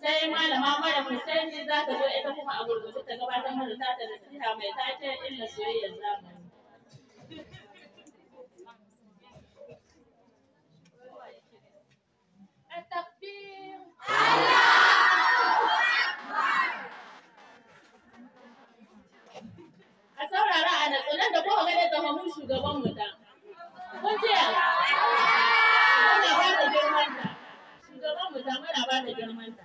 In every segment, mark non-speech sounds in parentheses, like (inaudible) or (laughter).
sai malama mara musanni za ka zo ita kuma a gurgurta ta gabatar mana ta ta nasiha mai taken illa soyayyar zamani. التكبير a saurara a natsu nan da kowa gane zama mun shugaban mu ta kun ce muna ba da girman ta shugaban mu ta muna ba da girman ta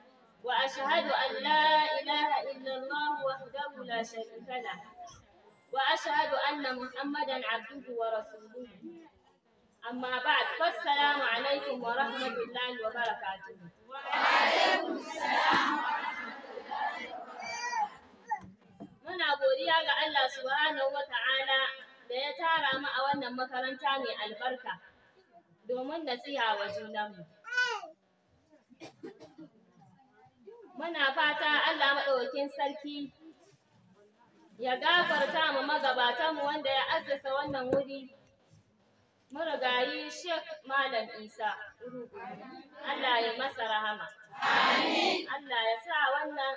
وأشهد أن لا إله إلا الله وحده لا شريك له وأشهد أن محمدا عبده ورسوله أما بعد فالسلام عليكم ورحمة الله وبركاته وعليكم السلام ورحمة الله Muna godiya ga Allah subhanahu wa ta'ala da ya tara mu a wannan makaranta mai albarka domin nasiha wa junanmu. muna fata Allah maɗaukakin sarki ya gafarta mu magabatanmu wanda ya azzasa wannan wuri marigayi Sheikh Malam Isa Allah ya masa rahama Allah ya sa wannan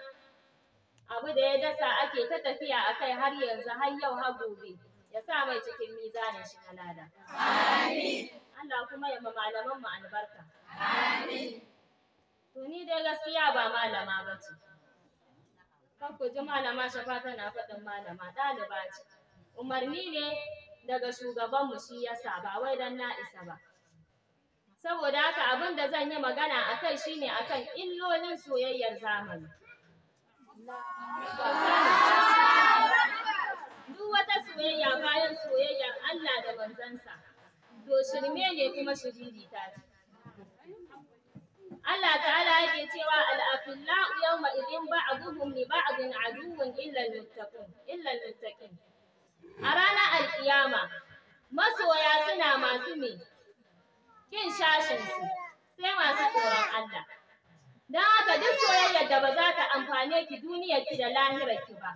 abu da ya dasa ake ta tafiya a kai har yanzu har yau har gobe ya sa mai cikin mizanin shi na Amin. Allah kuma ya ma malamanmu albarka Amin. To ni dai gaskiya ba malama ba ce. Kan ku ji malama shafa tana faɗin malama ɗaliba ce. Umarni ne daga shugabanmu shi yasa ba wai dan na isa ba. Saboda haka abin da zan yi magana a kai shi ne a kan illolin soyayyar zamani. Duk wata soyayya bayan soyayyar Allah da banzansa to shirme ne kuma shiriri ta ce. Allah ta'ala yake cewa al-akhillau yawma idin ba'duhum li ba'din ba a al-muttaqin illan al a ranar alkiyama masoya suna masu me kin shashin sai masu tsoron Allah don haka duk soyayyar da ba za ta amfane ki duniyar ki da lahirar ki ba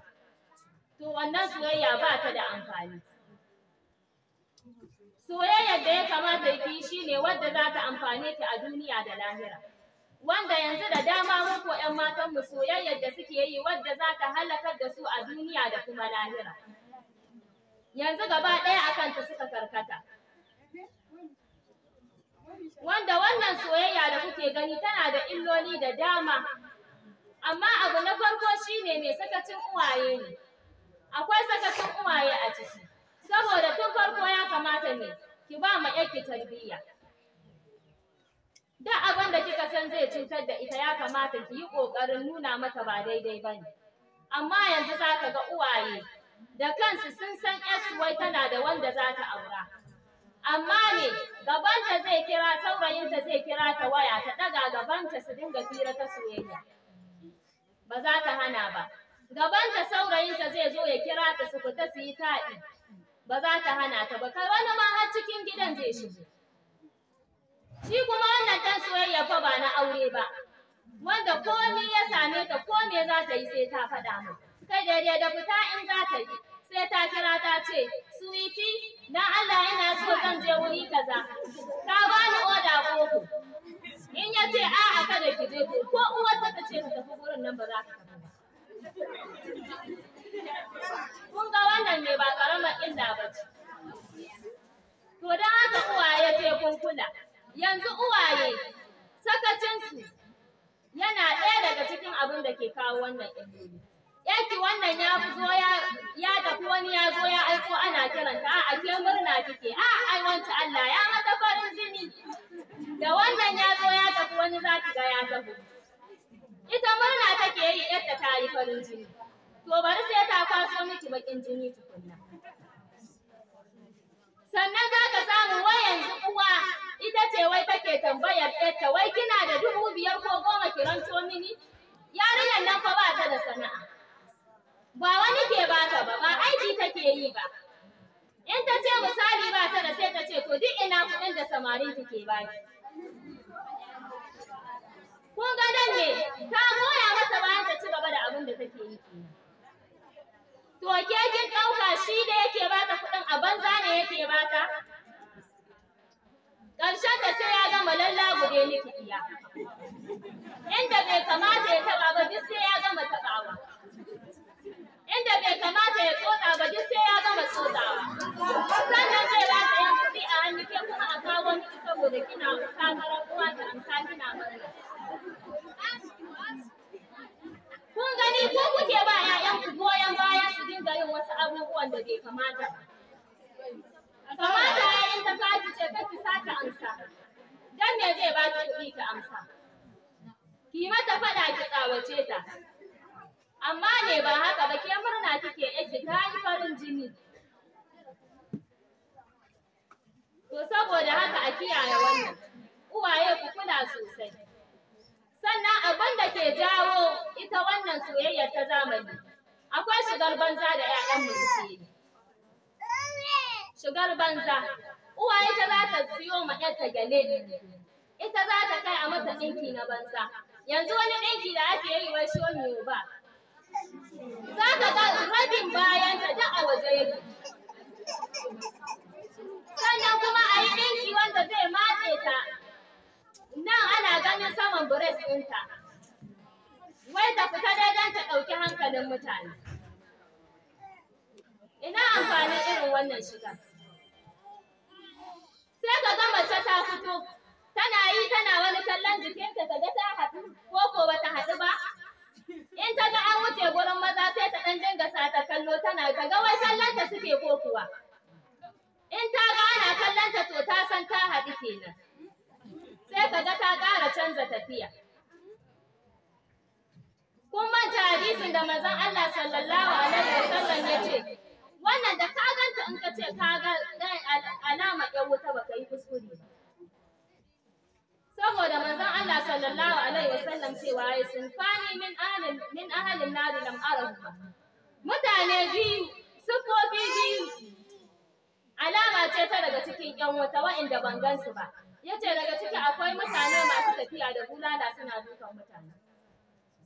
to wannan soyayya ba ta da amfani soyayyar da ya kamata ki ne wadda za ta amfane ki a duniya da lahira wanda yanzu da dama muku ƴan matan mu soyayyar da suke yi wadda za ta halakar da su a duniya da kuma lahira yanzu gaba ɗaya akan ta suka karkata wanda wannan soyayya da kuke gani tana da illoli da dama amma abu na farko shine mai sakacin uwaye ne akwai sakacin uwaye a ciki saboda tun farko ya kamata ne ki ba ma 'yarki tarbiyya duk abin da kika san zai cutar da ita ya kamata ki yi ƙoƙarin nuna mata ba daidai ba ne. Amma yanzu za ka ga uwaye da kansu sun san ‘yarsu wai tana da wanda za ta aura. Amma ne gabanta zai kira saurayinta zai kira ta waya ta ɗaga gabanta su dinga fira ta soyayya. Ba za ta hana ba. Gabanta saurayinta zai zo ya kira ta su fita su yi taɗi. Ba za ta hana ta ba, kai wani ma har cikin gidan zai shigo. Shi kuma wannan ɗan soyayya fa ba na aure ba. Wanda komi ya same ta ko me za ta yi sai ta faɗa min. Kai daidai da fita in za ta yi sai ta kira ta ce, "Suwiti, na Allah ina so zan je wuri kaza. Ka bani oda koko." In ya ce a'a kada ki je ko uwar ta ce ta tafi gurin nan ba za ta ba. Kun ga wannan ne ba ƙaramar illa ba ce. To don haka ya ce kun kula. yanzu uwaye sakacinsu yana ɗaya daga cikin abin da ke kawo wannan illoli yaki wannan ya zo ya ya tafi wani ya zo ya aiko ana kiranta a'a ke murna kike a'a ai wancan Allah ya mata farin jini da wannan ya zo ya tafi wani za ki ga ya tafi ita murna take yi yadda ta yi farin jini to bari sai ta kwaso miki bakin jini tukunna sannan ce wai kake tambayar ɗanta wai kina da dubu biyar ko goma kiranto mini? Yarinyar nan fa ba ta da sana'a. Ba wani ke ba ta ba, ba aiki take yi ba. In ta ce misali ba ta da sai ta ce to duk ina kuɗin da samarin ke ba Kun ga nan ne, ta goya mata bayan ta ci gaba da abin da take yi. To ke kin ɗauka shi da yake ba ta kuɗin a banza ne yake ba ta? ƙarshen da sai ya gama lalla guda miki iya inda bai kamata ya taɓa ba duk sai ya gama taɓawa inda bai kamata ya tsotsa ba duk sai ya gama tsotsawa sannan zai rata yin kuɗi a hannu ke kuma a kawo niki saboda kina sakarar uwa ta amsa kina murna kun gani ko kuke ba 'ya'yanku goyon baya su dinga yin wasu abubuwan da bai kamata ba Kamata ya yi ta baki ce kar ki sake amsa. Dan me zai baki kuɗi ki amsa? Ki mata faɗa ki tsawace ta. Amma ne ba haka ba ke murna kike yake ta yi farin jini. To saboda haka a kiyaye wannan, uwaye ku kula sosai. Sannan abin da ke jawo ita wannan soyayyar ta zamani, akwai shigar banza da ‘ya'yan mu shigar banza uwa ita za ta siyo ma ɗanta gale ita za ta kai a mata ɗinki na banza yanzu wani ɗinki da ake yi wai shi me ba za ka ga rabin bayan ta da a waje yake sannan kuma a yi ɗinki wanda zai matse ta nan ana ganin saman bures ɗinta wai ta fita dai don ta ɗauki hankalin mutane ina amfani irin wannan shiga? sai ka ga mace ta fito tana yi tana wani kallon jikinta ka ga ta haɗu ko ko bata haɗu ba in ta ga an wuce gurin maza sai ta ɗan dinga sata kallo tana ta ga wai kallon ta suke ko kuwa in ta ga ana kallon ta to ta san ta haɗu kenan sai ka ga ta ƙara canza tafiya kun manta hadisin da manzon Allah sallallahu alaihi wasallam ya ce wannan da ka ganta in ka ce ka ga alama ƴan wuta baka yi kuskure ba saboda manzon Allah sallallahu alaihi wasallam cewa ya sun fani min ahalin min ahalin nari lam arahu mutane biyu sufofi biyu alama ce ta daga cikin ƴan wuta wa'inda ban gansu ba yace daga ciki akwai mutane masu tafiya da bulala suna dukan mutane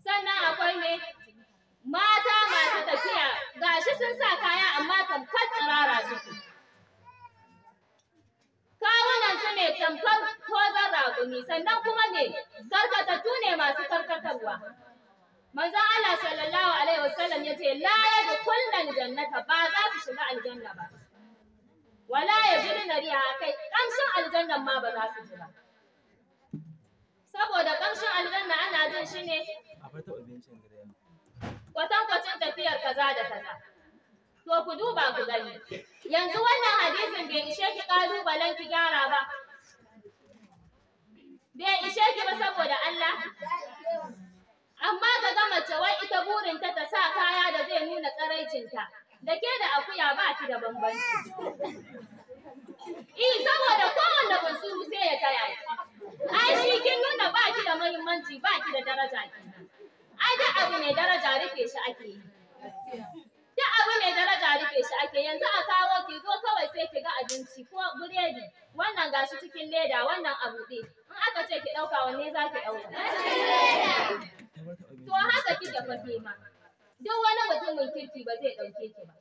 sannan akwai ne mata masu tafiya gashi sun sa kaya amma tamkar tsirara suke Kawunan su ne tamkar tozon raƙumi sannan kuma ne karkatattu ne masu karkatarwa manzon Allah sallallahu alaihi wasallam yace la yadkhulun jannata ba za su shiga aljanna ba wala yajidun riha kai kamshin aljanna ma ba za su ji ba saboda kamshin aljanna ana jin shi ne Kwatan kwatankwacin tafiyar kaza da kaza To ku duba ku gani. Yanzu wannan hadisin bai ishe ki ƙalubalen ki gyara ba. Bai ishe ki ba saboda Allah. Amma ka ga mace wai ita burinta ta sa kaya da zai nuna tsaraicinta. Da ke da akuya ba ki da bambanci. I eh, saboda kowanne su sai ya taya Ai shi kin nuna ba ki da muhimmanci ba ki da daraja kenan. Ai da abu ne daraja rike shi ake yi. duk abu mai daraja rike shi ake yanzu a kawo ki zo kawai sai ki ga abinci ko biredi wannan gashi cikin leda wannan a buɗe in aka ce ki ɗauka wanne za ki ɗauka to haka kike fafe ma duk wani mutumin kirki ba zai ɗauke ki ba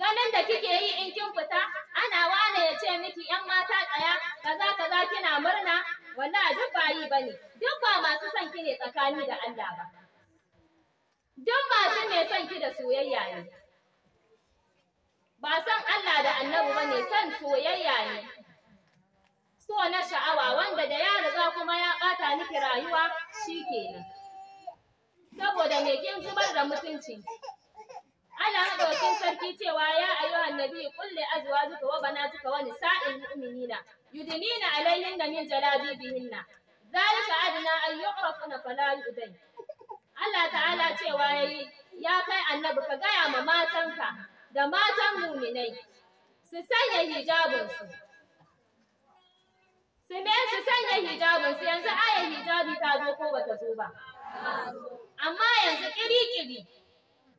ganin da kike yi in kin fita ana wane ya ce miki yan mata tsaya kaza kaza kina murna Wannan duk ba yi bane duk ba masu son ki ne tsakani da Allah ba Duk masu mai son ki da soyayya ne. Ba san Allah da Annabu ba ne son soyayya ne. So na sha'awa wanda da ya riga kuma ya ɓata miki rayuwa shi kenan. Saboda me kin zubar da mutunci. Allah madaukin sarki cewa ya ayu annabi kulle azuwa duka wa duka wa sa'in mu'minina yudinina, alayhinna min jalabibihinna Zalika adna an yu'rafuna fala yu'dain Allah ta'ala cewa yayi ya kai annabi ka gaya ma matanka da matan muminai su sanya hijabinsu su me su sanya hijabinsu yanzu ayar hijabi ta zo ko bata zo ba amma yanzu kiri-kiri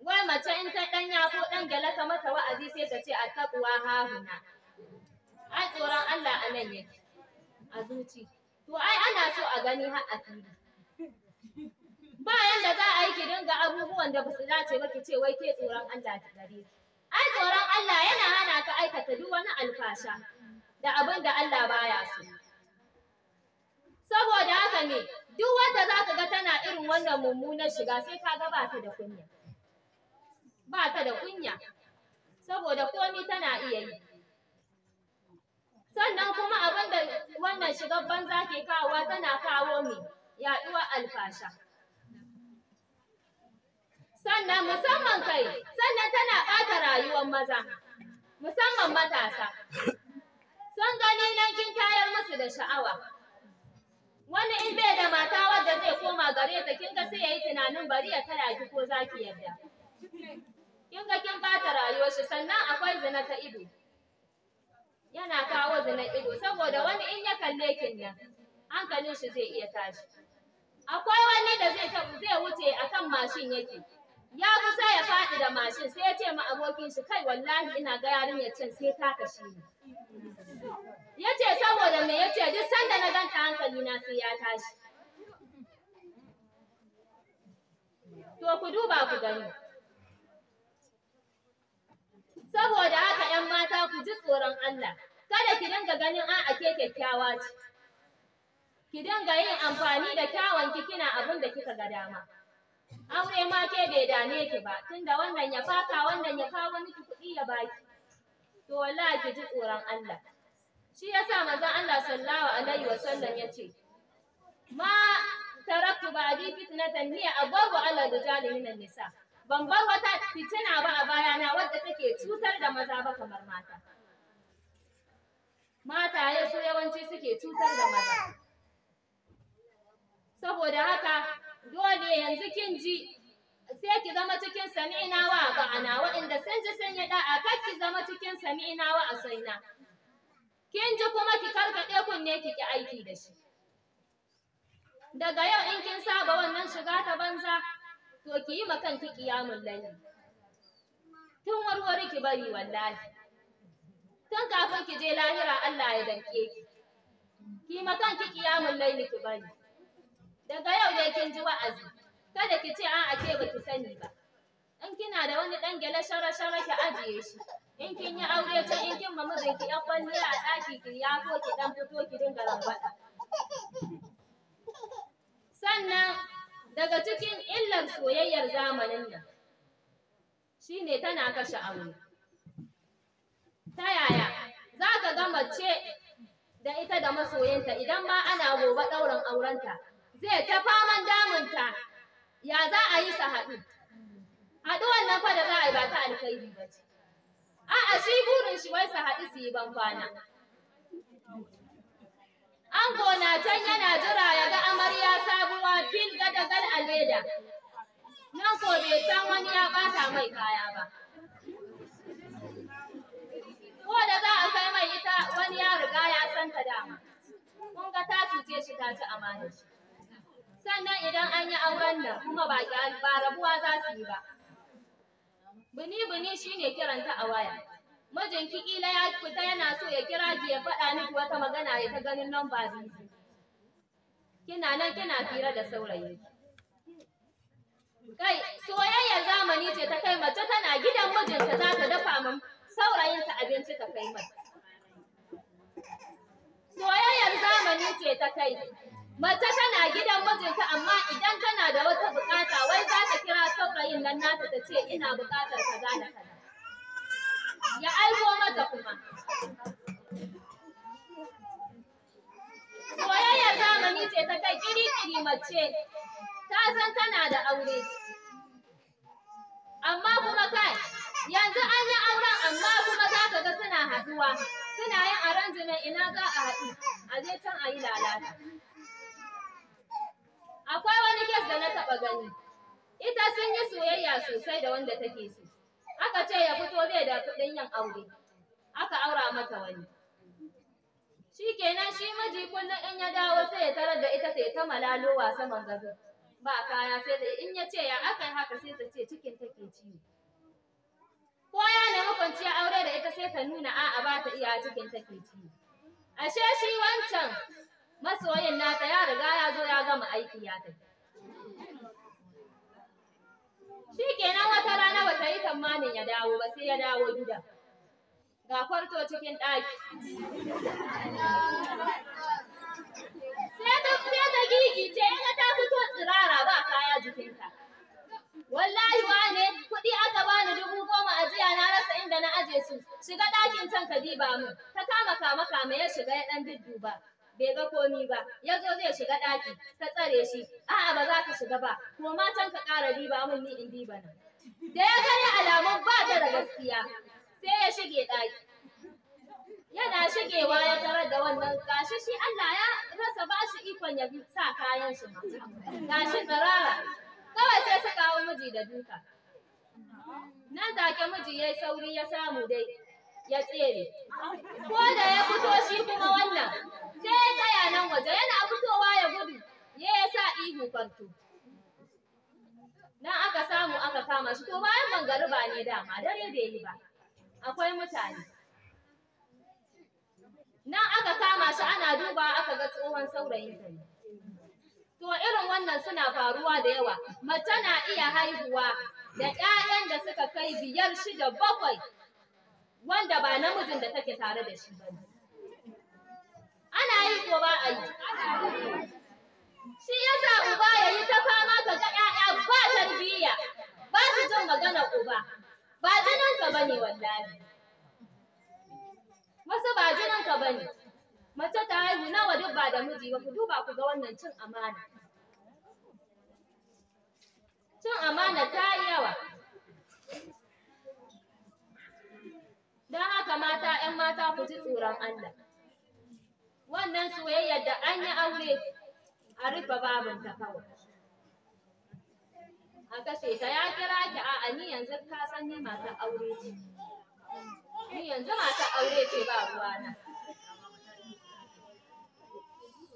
wai mace in ta ɗanya ko ɗan gala ka mata wa'azi sai ta ce a taɓuwa hahuna ai tsoron Allah a nan yake a zuci to ai ana so a gani har a ba yanda za a yi ki dinga abubuwan da ba su dace ba ki ce wai ke tsoron Allah da gare ai tsoron Allah yana hana ka aikata duk wani alfasha da abin da Allah baya so saboda haka ne duk wanda za ka ga tana irin wannan mummunar shiga sai ka ga ba ta da kunya ba ta da kunya saboda komi tana iya yi sannan kuma abin da wannan shigar banza ke kawowa tana kawo mai yaɗuwar alfasha sannan musamman kai sannan tana ɓata rayuwar maza musamman matasa sun gani nan kin tayar musu da sha'awa wani in bai da mata wadda zai koma gare ta kin ga sai yayi tunanin bari ya tara ki ko zaki yarda kin ga kin ɓata rayuwar shi sannan akwai zina ta ido yana kawo zina ido saboda wani in ya kalle kin nan hankalin shi zai iya tashi akwai wani da zai wuce akan mashin yake ya kusa ya faɗi da mashin sai ya ce ma abokin shi kai wallahi ina ga yarinya can sai ta kashe ni ya ce saboda me ya ce duk sanda na ganta hankali na sai ya tashi to ku duba ku gani saboda haka ‘yan mata ku ji tsoron Allah kada ki dinga ganin a ke kyakkyawa ce ki dinga yin amfani da kyawun kina abin da kika ga dama aure ma ke bai dame ki ba tunda wannan ya faka wannan ya kawo miki kuɗi ya baki to wallahi ki ji tsoron Allah shi yasa manzon Allah sallallahu alaihi wasallam yace ma taraktu ba'di fitnatan hiya abwabu ala rijali minan nisa ban bar wata fitina ba a bayana wadda take cutar da maza ba kamar mata mataye su yawanci suke cutar da maza saboda haka dole yanzu kin ji sai ki zama cikin sami'ina wa ba'ana waɗanda sun ji sun yi ɗa'a kar ki zama cikin sami'ina wa asaina kin ji kuma ki karkaɗe kunne ki ki aiki da shi daga yau in kin saba wannan shiga ta banza to ki yi makan ki kiyamun layi tun warware ki bari wallahi tun kafin ki je lahira Allah ya danke ki ki makan ki kiyamun layi ki bari Daga yau dai kin ji wa'azi, kada ki ce a'a ake baki sani ba. In kina da wani ɗan gyale shara-shara ki ajiye shi. In kin yi aure ta in kin ma mijinki ƴan kwalliya a daki ki ko ki ɗan fito ki dinga rangwaɗa. Sannan daga cikin illar soyayyar zamanin nan shine tana kashe aure. Ta yaya za ka ga mace da ita da masoyinta idan ma ana gobe ɗaurin aurenta zai ta faman damunta ya za a yi su haɗu haɗuwan nan fa da za a yi ba ta alkhairi ba ce a'a shi burin shi wai su haɗu su yi ban kwana an gona can yana jira ya ga amarya sabuwa fil gadagal a leda nan ko bai san wani ya ɓata mai kaya ba ko da za a kai mai ita wani ya riga ya san ta dama kun ga ta cuce shi ta ci amana shi sannan idan an yi auren da, kuma ba rabuwa za su yi ba bini-bini shine kiranta a waya mijinki kila ya fita yana so ya kira ki ya faɗa miki wata magana ya ta ganin nan ba bizi kina nan kina fira da saurayi kai soyayyar zamani ce ta kai mace tana gidan mijinta za ta dafa min saurayinta abinci ta kai mata. soyayyar zamani ce ta kai Mace tana gidan mijinta amma idan tana da wata bukata wai za ta kira saurayin nan nata ta ce ina bukatar kaza da kaza. Ya aiko mata kuma. Soyayyar zamani ce ta kai kiri-kiri mace ta san tana da aure. Amma kuma kai yanzu an yi auren amma kuma za ka ga suna haduwa suna yin aranjimen ina za a haɗu a je can a yi lalata. Akwai wani kes da na taɓa gani. Ita sun yi soyayya sosai da wanda take so. Aka ce ya fito bai da kuɗin yin aure. Aka aura mata wani. Shi kenan shi miji kullum in ya dawo sai ya tarar da ita ta ta malalowa saman gado. Ba kaya sai da in ya ce ya aka yi haka sai ta ce cikin take ciwo. Ko ya nemi hukunci aure da ita sai ta nuna a'a ba ta iya cikin take ciwo. Ashe shi wancan masoyin nata ya riga ya zo ya gama aiki ya tafi shi kenan wata rana bata yi tamanin ya dawo ba sai ya dawo gida ga kwarto cikin ɗaki sai ta gigi ce ga ta fito tsirara ba kaya jikinta wallahi ne kuɗi aka bani dubu goma a jiya na rasa inda na aje su shiga ɗakin can ka diba mu ta kama kama kama ya shiga ya ɗan dudduba bai ga komi ba ya zo zai shiga ɗaki ka tsare shi a'a ba za ka shiga ba kuma matan ka ƙara riba mun ni in diba nan da ya gani alamun ba ta da gaskiya sai ya shige ɗaki yana shigewa ya tarar da wannan gashi shi Allah ya rasa ba shi ikon ya sa kayan shi gashi tsarara. kawai sai suka hau miji da duka nan take miji yayi sauri ya samu dai ya tsere ko da ya fito shi kuma wannan sai ya tsaya nan waje yana fitowa ya gudu ya ya sa ihu kwanto. nan aka samu aka kama shi to bayan mangariba ne dama dare da yi ba akwai mutane nan aka kama shi ana duba aka ga tsohon saurayin ta ne to irin wannan suna faruwa da yawa mace na iya haihuwa da 'ya'yan da suka kai biyar shida bakwai wanda ba namijin da take tare da shi ba ana yi ko ba a yi shi sa uba ya yi ta fama ka ga 'ya'ya ba tarbiyya ba su jin magana uba ba jinin ka bane wallahi wasu ba jinin ka bane mace ta haihu nawa duk ba da miji ba ku duba ku ga wannan cin amana cin amana ta mata ‘yan mata ku ji tsoron Allah. Wannan soyayyar da an yi aure a rufe babanta kawai. A kashe ta ya kira ki a'a ni yanzu ka san ni mata aure ce. Ni yanzu mata aure ce ba ruwana.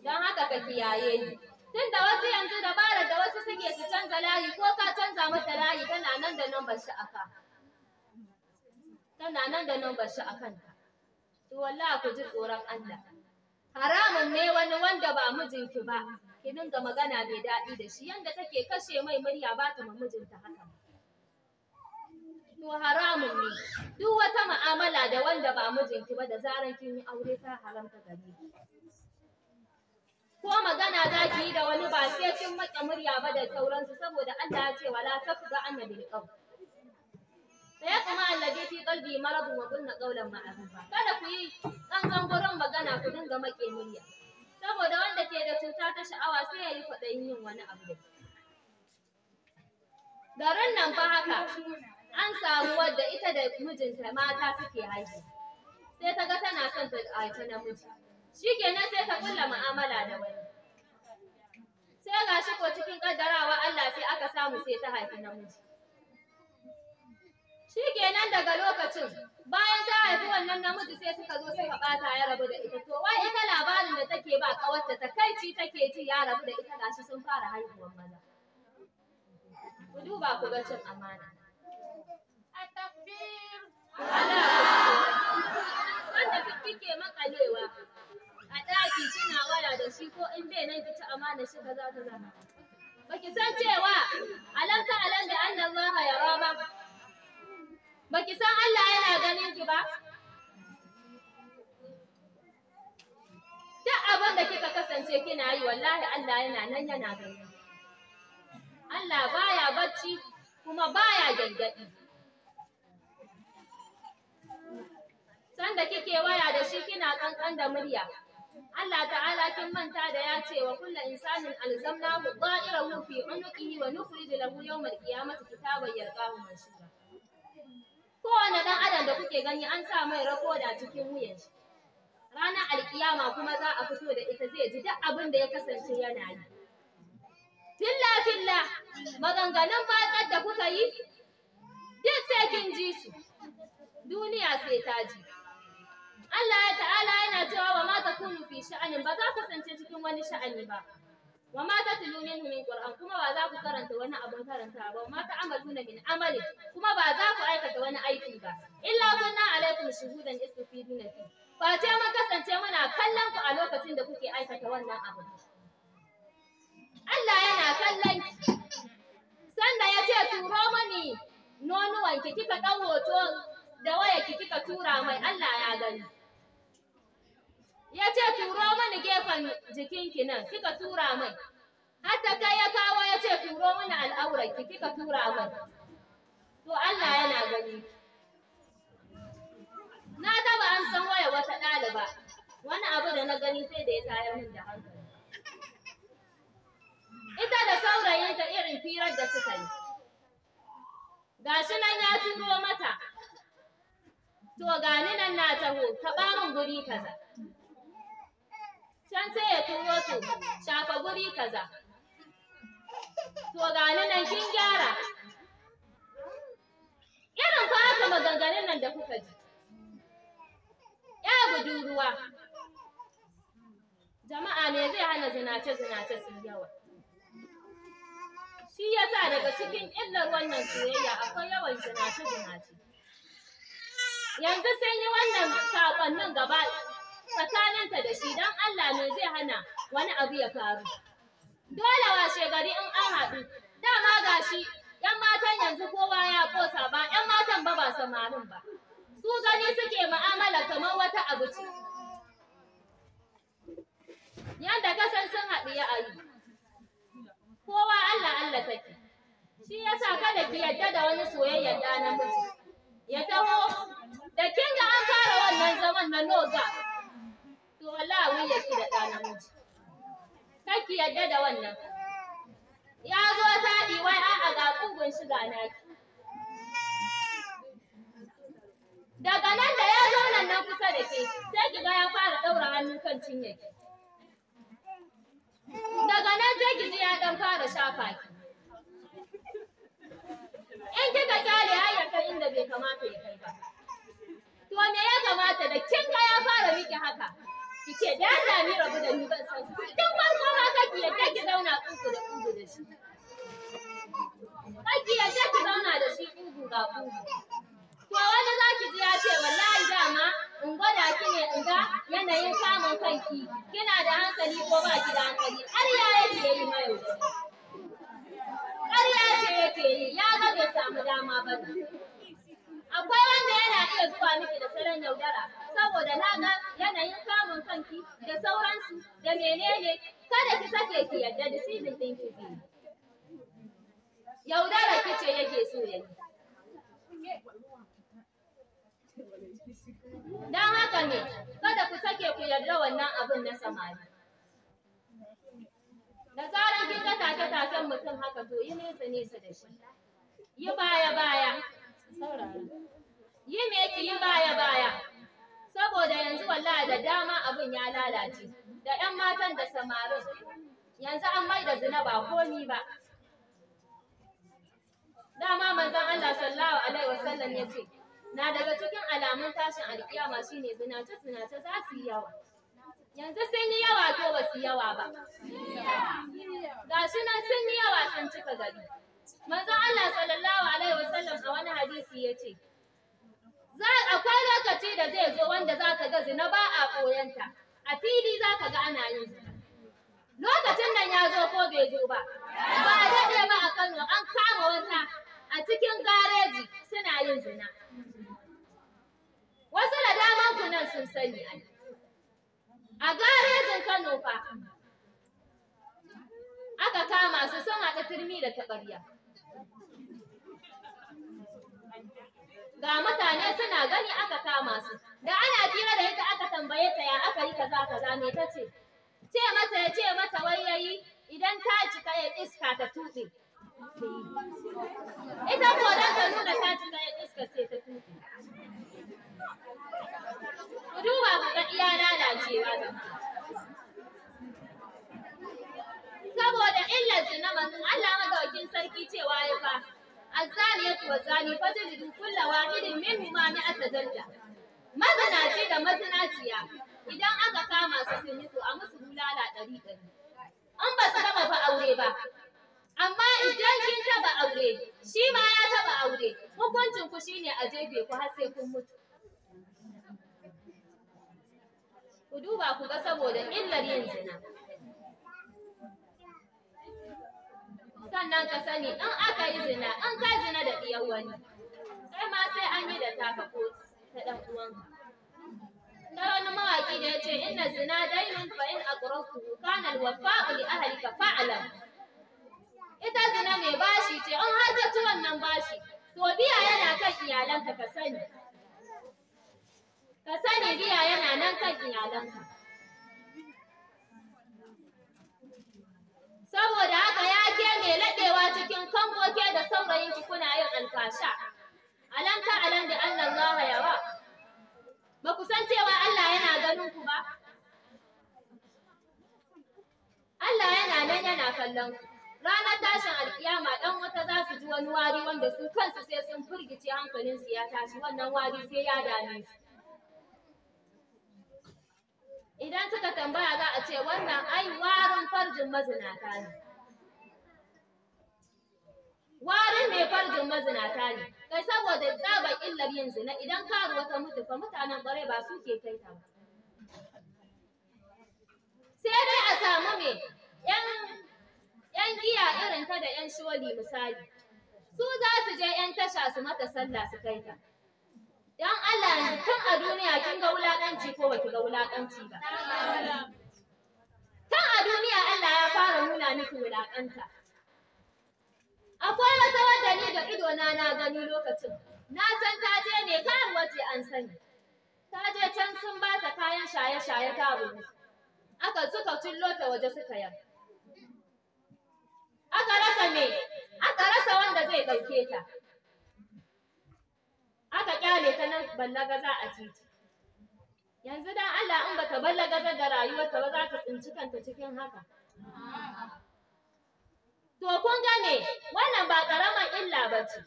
Don haka ka kiyaye ni. Tun da wasu yanzu dabara da wasu suke su canza layi ko ka canza mata layi tana nan da nan ba shi aka. tana nan da nan bashi a kanta. To wallahi ku ji tsoron Allah. Haramun ne wani wanda ba mijinki ba, ki dinga magana mai daɗi da shi yanda take kashe mai murya ba ta ma mijinta haka. To haramun ne, duk wata mu'amala da wanda ba mijinki ba da zarar kin yi aure ta haramta gare ki. Ko magana za ki yi da wani ba sai kin matsa murya ba da sauransu saboda Allah ya ce wala tafga bil qawl. فيطمع الذي في قلبه مرض وقلنا قولا معروفا kada ku yi kankan gurin magana ku dinga make murya saboda wanda ke da cuta ta sha'awa sai ya yi kwaɗayin yin wani abu garin nan fa haka an samu wadda ita da mijinta mata suke haihu sai ta ga tana son ta haifi namiji shikenan sai ta kulla mu'amala da wani sai ga shi ko cikin kaddarawa Allah sai aka samu sai ta haifi namiji Shikenan daga lokacin bayan ta haifi wannan namiji sai suka zo suka bata ya rabu da ita to wai ita labarin da take ba kawarta ta kai ci take ji ya rabu da ita gashi sun fara haihuwar maza. Ku duba ku ga cin amana. A takbir. Wanda su kike makalewa a ɗaki kina waya da shi ko in bai nan kici amana shi ba za ta zama. ki san cewa alam ta alam da annallaha yara ba. Baki san Allah yana ganin ki ba? Duk abin da kika kasance kina yi wallahi Allah yana nan yana ganin. Allah baya bacci kuma baya gangaɗi. Sanda kike waya da shi kina kankan da murya. Allah ta'ala kin manta da ya ce wa kullu insanin alzamnahu da'irahu fi unuqihi wa nukhrij lahu yawmal qiyamati kitaban yarqahu mansura. kowane dan adam da kuke gani an sa mai rakoda cikin wuyan shi ranar alkiyama kuma za a fito da ita zai ji duk abin da ya kasance yana yi filla filla maganganun batsar da kuka yi duk sai kin ji su duniya sai ta ji Allah ta'ala yana cewa wa ma kunu fi sha'anin ba za kasance cikin wani sha'ani ba wa ma tatlu minhu min qur'an kuma ba za ku karanta wani abun karanta ba ma na min amali kuma ba za ku aikata wani aiki ba illa kunna alaikum shuhudan istufiduna fi face mun kasance muna kallon ku a lokacin da kuke aikata wannan abu Allah yana kallon sanda ya ce turo mani nonuwanki kika ɗan hoto da ki kika tura mai Allah ya gani ya ce turo mani gefen jikinki nan kika tura mai hatta kai ya kawo ya ce turo mani al'aurarki kika tura mai to Allah yana gani na taba an san waya wata ɗaliba wani abu da na gani sai da ya tayar min da hankali ita da saurayinta irin firar da suka yi gashi nan ya turo mata to gani nan na taho ka ba min guri kaza can sai ya turo to shafa guri kaza to gani nan kin gyara irin fa haka maganganun nan da kuka ji ya ruwa. jama'a ne zai hana zinace zinace su yawa shi yasa daga cikin illar wannan soyayya akwai yawan zinace zinace yanzu sun yi wannan saƙonnin gaba tsakaninka da shi don Allah ne zai hana wani abu ya faru. Dole washe gari in an haɗu, dama ga shi ‘yan matan yanzu kowa ya ƙosa ba, ‘yan matan ba ba samarin ba. Su gani suke mu'amala kamar wata abu ce. Yanda ka sun haɗu ya ayi. Kowa Allah Allah take. Shi ya sa kada ki yadda da wani soyayyar ɗa namiji. Ya taho da kinga an fara wannan zaman na noga. wallahi wuyar ki da ɗa namiji kar ki yarda da wannan ya zo taɗi wai a'a ga ƙugun shiga na naki daga nan da ya zo nan nan kusa da ke sai ki ga ya fara ɗaura hannu kan cinye ki daga nan sai ki ji ya ɗan fara shafa ki in kika kyale har ya inda bai kamata ya kai ba to me ya kamata da kin ga ya fara miki haka ki ce da Allah ni rabu da ni ban san shi tun farko ma kake yadda ki zauna kuku da kuku da shi kake yadda ki zauna da shi kugu ga kugu to wani za ki ji ya ce wallahi dama in gwada ki ne in ga yanayin kamun kanki kina da hankali ko ba ki da hankali ƙarya yake yi mai ƙarya ce yake yi ya ga bai samu dama ba Akwai wanda yana iya zuwa miki da tsaron yaudara, saboda na ga yanayin kamun kanki da sauransu da menene kada ki sake ki yarda da sibin ɗin ki Yaudara ki ce yake so ya yi. Don haka ne, kada ku sake ku yarda wannan abin na samari. Da zarar kin ga take-taken mutum haka to yi nesa-nesa da shi. Yi baya-baya. yi me yake yi baya baya saboda yanzu wallahi da dama abin ya lalace da 'yan matan da samarin yanzu an mai da zina ba komi ba dama manzon Allah sallallahu alaihi wasallam ya ce na daga cikin alamun tashin alkiyama shine zina ta za su yi yawa yanzu sun yi yawa to ba su yawa ba shi nan sun yi yawa sun cika gari manzon Allah sallallahu alaihi wasallam a wani hadisi ya ce akwai lokaci da zai zo wanda za ka ga zina ba a koyanta a fili za ka ga ana yin lokacin nan ya zo ko bai zo ba ba a daɗe ba a Kano an kama wata a cikin gareji suna yin zina wasu da daman ku nan sun sani a garejin Kano fa aka kama su sun haɗa turmi da taɓarya ga mutane suna gani aka kama su da ana jira da ita aka tambaye ta ya aka yi kaza kaza me ta ce ce mata ya ce mata wai yayi idan ta cika ya iska ta tuɗe ita ko dan ta nuna ta cika ya iska sai ta tuɗe ku duba ku ga iya lalacewa da saboda illar zina manzon Allah madaukin sarki cewa ya fa الزانية والزاني فجلدوا كل واحد منهما مئة جلدة mazinaci da mazinaciya idan aka kama su sun yi to a musu bulala ɗari ɗari in ba su taɓa fa aure ba amma idan kin taɓa aure shi ma ya taɓa aure hukuncin ku shine a jefe ku har sai kun mutu ku duba ku ga saboda illar yin zina sannan ka sani in aka yi zina in ka zina da ɗiyar wani kai ma sai an yi da taka ko ta ɗan uwanka ta wani mawaƙi ne ce inna zina dainun fa in aqrastu kana alwafa'u li ahlika fa'lam ita zina mai bashi ce in har ka ci wannan bashi to biya yana kan iyalanka ka sani ka sani biya yana nan kan iyalanka saboda haka ya ke mai laɗewa cikin kangoke da saurayin kuna yin alfasha alam ta da Allah yawa ba ku san cewa Allah yana ganin ku ba Allah yana nan yana kallon ranar tashin alkiyama dan wata za su ji wani wari wanda su kansu sai sun firgice hankalinsu ya tashi wannan wari sai ya dame su idan suka tambaya za a ce wannan ai warin farjin mazinata ne warin mai farjin mazinata ne kai saboda tsaba illar yin zina idan karuwa ta mutu fa mutanen bare ba su ke kai ta sai dai a samu me yan giya irin ta da yan sholi misali su za su je yan tasha su mata sallah su kai ta Don Allah yanzu tun a duniya kin ga wulaƙanci ko baki ga wulaƙanci ba. Tun a duniya Allah ya fara nuna miki wulaƙanta. Akwai wata wadda ni da idona na gani lokacin. Na san ta je ne karuwa waje an sani. Ta je can sun ba ta kayan shaye-shaye ta rubu. Aka suka cillo ta waje suka yar. Aka rasa me? Aka rasa wanda zai ɗauke ta. aka kyale ta nan za a titi yanzu dan Allah in bata ballagaza da ta ba za ta tsinci kanta cikin haka to kun gane wannan ba karamar illa ba ce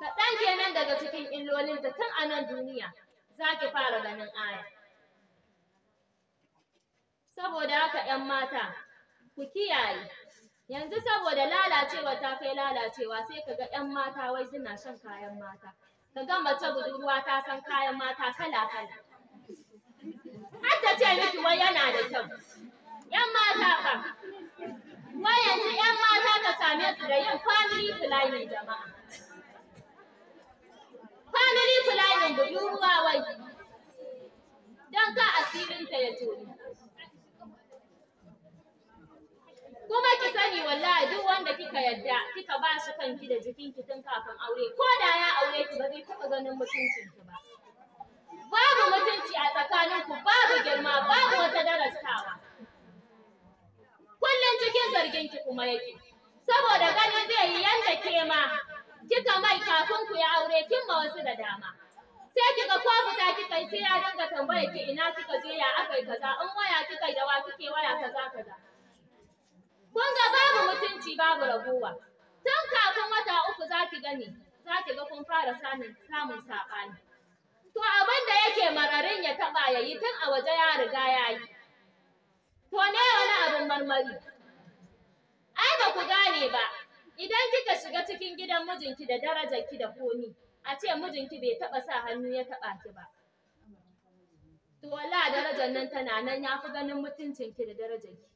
kaɗan kenan daga cikin illolinta tun a nan duniya za ki fara ganin aya saboda haka ‘yan mata ku kiyaye yanzu saboda lalacewa ta kai lalacewa sai ka ga 'yan mata wai suna shan kayan mata ka ga mace budurwa ta san kayan mata kala kala har ta ce miki wai yana da kyau 'yan mata fa wai yanzu 'yan mata ka same su da yin family planning jama'a family planning budurwa wai don ka asirinta ya tuni kuma ki sani wallahi duk wanda kika yadda kika ba shi kanki da jikinki tun kafin aure ko da ya aure ki ba zai taɓa ganin ki ba babu mutunci a tsakaninku babu girma babu wata darastawa kullum cikin zargin ki kuma yake saboda ganin zai yi yanda ke ma kika mai kafin ku ya aure kin ma wasu da dama sai kika ko fita kika sai ya dinga tambayar ki ina kika je ya akai kaza in waya kika da wa kike waya kaza kaza Kun ga babu mutunci babu ragowa. Tun kafin wata uku za ki gani, za ki ga kun fara samun samun saɓani. To abin da yake mararin ya taɓa ya yi tun a waje ya riga ya yi. To ne wani abin marmari. Ai ba ku gane ba, idan kika shiga cikin gidan mijinki da darajarki da komi, a ce mijinki bai taɓa sa hannu ya taɓa ki ba. To wallahi darajar nan tana nan ya fi ganin mutuncinki da darajarki.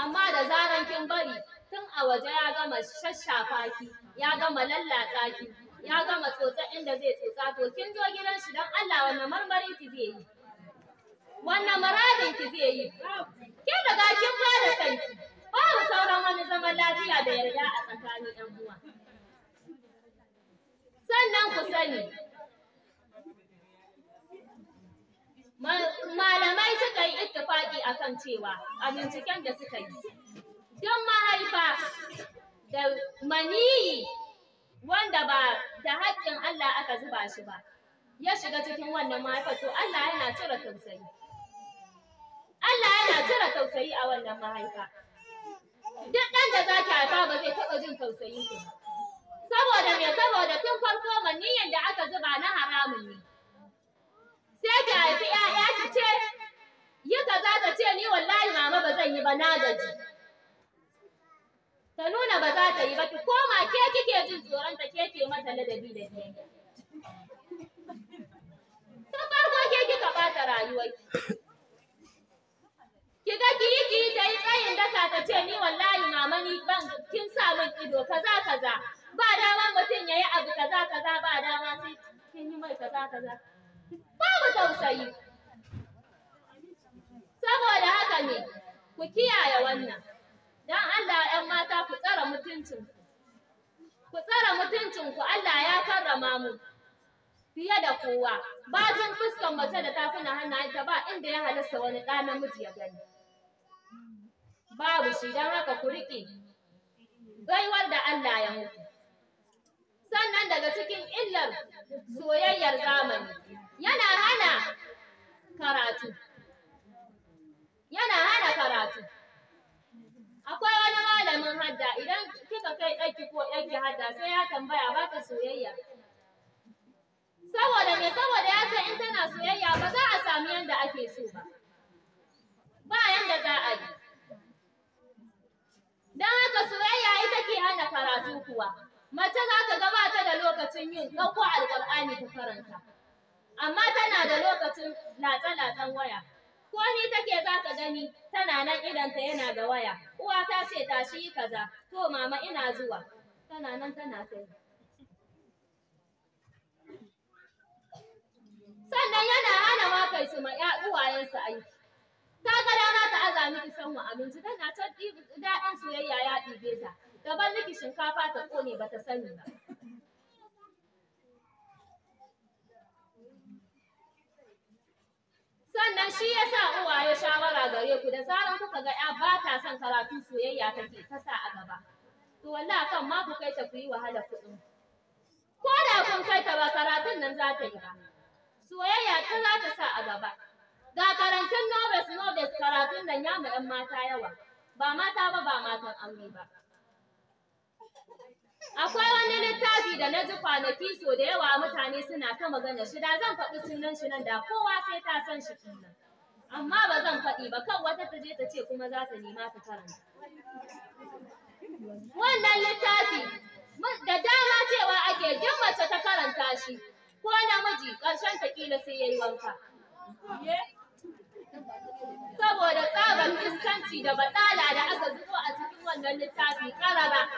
amma da zaran kin bari tun a waje ya gama shashafa ki ya gama lallata ki ya gama tsotsa inda zai tsotsa to kin zo gidan shi dan Allah wannan marmarin ki zai yi wannan muradin ki zai yi kin riga kin fara Ba mu sauran wani zaman lafiya da yarda a tsakanin yan uwa sannan ku sani Malamai suka yi ittifaki akan cewa a binciken da suka yi, Don mahaifa da maniyi wanda ba da haƙƙin Allah aka zuba shi ba, ya shiga cikin wannan mahaifa to Allah yana cire tausayi. Allah yana cire tausayi a wannan mahaifa. Duk ɗan da za ki haifa ba zai taɓa jin tausayin ku ba. Saboda me saboda tun farko maniyin da aka zuba na haramun ne. sai ki haifi ‘ya'ya ki ce, yi kaza ka ce ni wallahi mama ba zan yi ba na gaji. Ta nuna ba za ta yi ba, ki koma ke kike jin tsoron ta ke ke mata ladabi da biyayya. Ta farko ke kika ɓata rayuwarki. Ki ga ki yi ki yi ta yi tsayin daka ta ce ni wallahi mama ni ban kin sa min ido kaza kaza. Ba dama mutum ya yi abu kaza kaza ba dama sai kin yi mai kaza kaza. babu tausayi saboda haka ne ku kiyaye wannan don Allah ‘yan mata ku tsara mutuncin ku tsara ku, Allah ya karrama mu fiye da kowa bajin fuskan mace da ta tafunan hannayenta ba inda ya halasta wani ɗan namiji ya gani babu shi don haka ku riƙe gaiwar da Allah ya muku sannan daga cikin illar soyayyar zamani yana hana karatu yana hana karatu akwai wani malamin hadda idan kika kai ɗaki ko ɗaki hadda sai ya tambaya ba ta soyayya saboda me saboda ya san in tana soyayya ba za a sami yanda ake so ba ba yanda za a yi don haka soyayya ita ke hana karatu kuwa mace za ta gabata da lokacin yin ɗauko alƙur'ani ta karanta amma tana da lokacin latsa-latsan waya. Ko ni take za ka gani tana nan idanta yana da waya, uwa ta ce tashi yi kaza, to mama ina zuwa, tana nan tana kai. Sannan yana hana makai kai su ma uwayensu aiki. Ta ga rana ta aza miki san wa abinci, tana ta daɗin soyayya ya ɗibe ta, gaban miki shinkafa ta ƙone ba ta sani ba. sannan shi ya sa uwaye shawara gare ku da zarar kuka ga ya ba ta son karatu soyayya take ta sa a gaba to wallahi kan ma ku kai ta ku yi wahala kuɗin ko da kun kai ta ba karatun nan za ta yi ba soyayya ta za ta sa a gaba ga karantun nobes nobes karatun nan ya ma 'yan mata yawa ba mata ba ba matan aure ba Akwai wani littafi da na ji kwanaki sau da yawa mutane suna ta magana shi da zan faɗi sunan shi nan da kowa sai ta san shi kenan. Amma ba zan faɗi ba kan wata ta je ta ce kuma za ta nema ta karanta. Wannan littafi da dama cewa ake duk mace ta karanta shi ko namiji ƙarshen ta kila sai ya yi wanka. Saboda tsabar iskanci da baɗala da aka zubo a cikin wannan littafi ƙarara.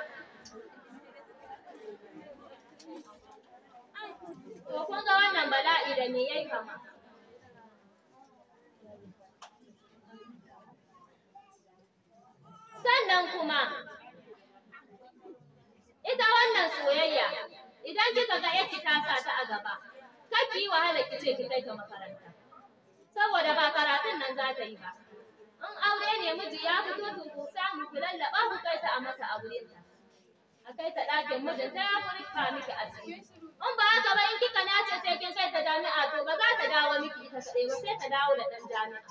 To ga wannan bala'i da me yayi kama? Sannan kuma ita wannan soyayya idan kika ga yake ta sa ta a gaba kar ki yi wahala kice ki kai ta makaranta saboda ba karatun nan za ta yi ba in aure ne miji ya fito to ku samu ku lallaba ku kai ta a masa ta. a kai ta ɗakin ta ya kurfa miki asiri in ba haka ba in kika nace sai kin kai ta jami'a to ba za ta dawo miki ita kaɗai ba sai ta dawo da ɗan jami'a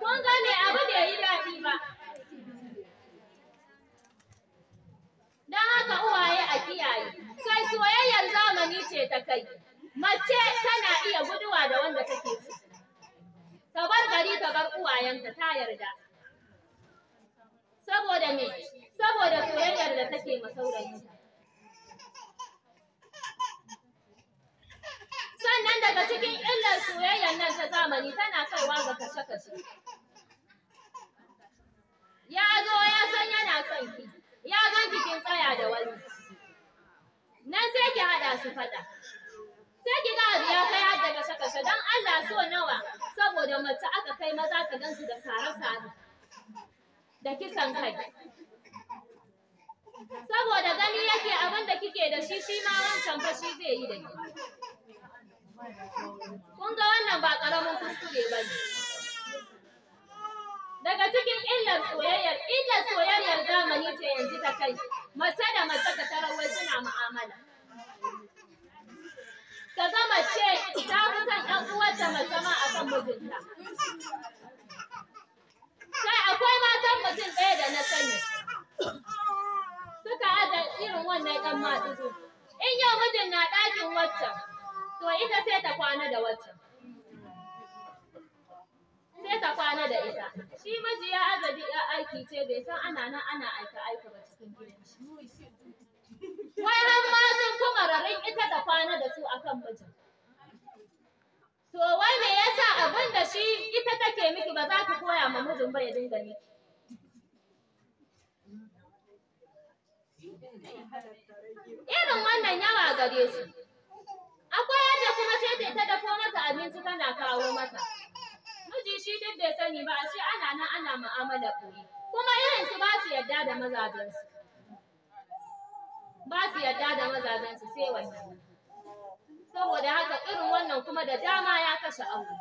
kun gane abu da yi daɗi ba don haka uwaye a kiyaye kai soyayyar zamani ce ta kai mace tana iya guduwa da wanda take so ta bar gari ta bar uwayenta ta yarda saboda me saboda soyayyar da take ma sannan daga cikin illar soyayyar nan ta zamani tana kaiwa ga kashe-kashe ya zo ya san yana son ki ya gan kin tsaya da wani nan sai ki haɗa su faɗa sai ki ga abu ya kai har daga kashe-kashe don Allah so nawa saboda mace aka kai maza ka gan su da sare-sare da kisan kai saboda gani yake abin da kike da shi shi ma wancan fa shi zai yi da ki. Kun ga wannan ba ƙaramin kuskure ba ne. Daga cikin illar soyayyar, illar soyayyar zamani ce yanzu ta kai, mace da mace ta tarawai suna mu'amala. Ka ga mace ta fi son ɗan uwarta mace ma a kan mijinta. Kai akwai matan mutum ɗaya da na sani. Suka ajiye irin wannan ɗan matsugo. In yau mijin na ɗakin waccan, to ita sai ta kwana da waccan sai ta kwana da ita shi miji ya azabi ya aiki ce bai san ana nan ana aika aika ba cikin gidan wai har ma sun kuma rarin ita da kwana da su akan mijin to wai me yasa abin da shi ita take miki ba za ki koya ma mijin ba ya dinga miki irin wannan yawa gare su Akwai wanda kuma sai ta dafo mata abinci tana kawo mata. Miji shi duk bai sani ba, ashe ana nan ana mu'amala koyi. Kuma irin su ba su yarda da mazajensu. Ba su yarda da mazajensu sai wannan. Saboda haka irin wannan kuma da dama ya kashe aure.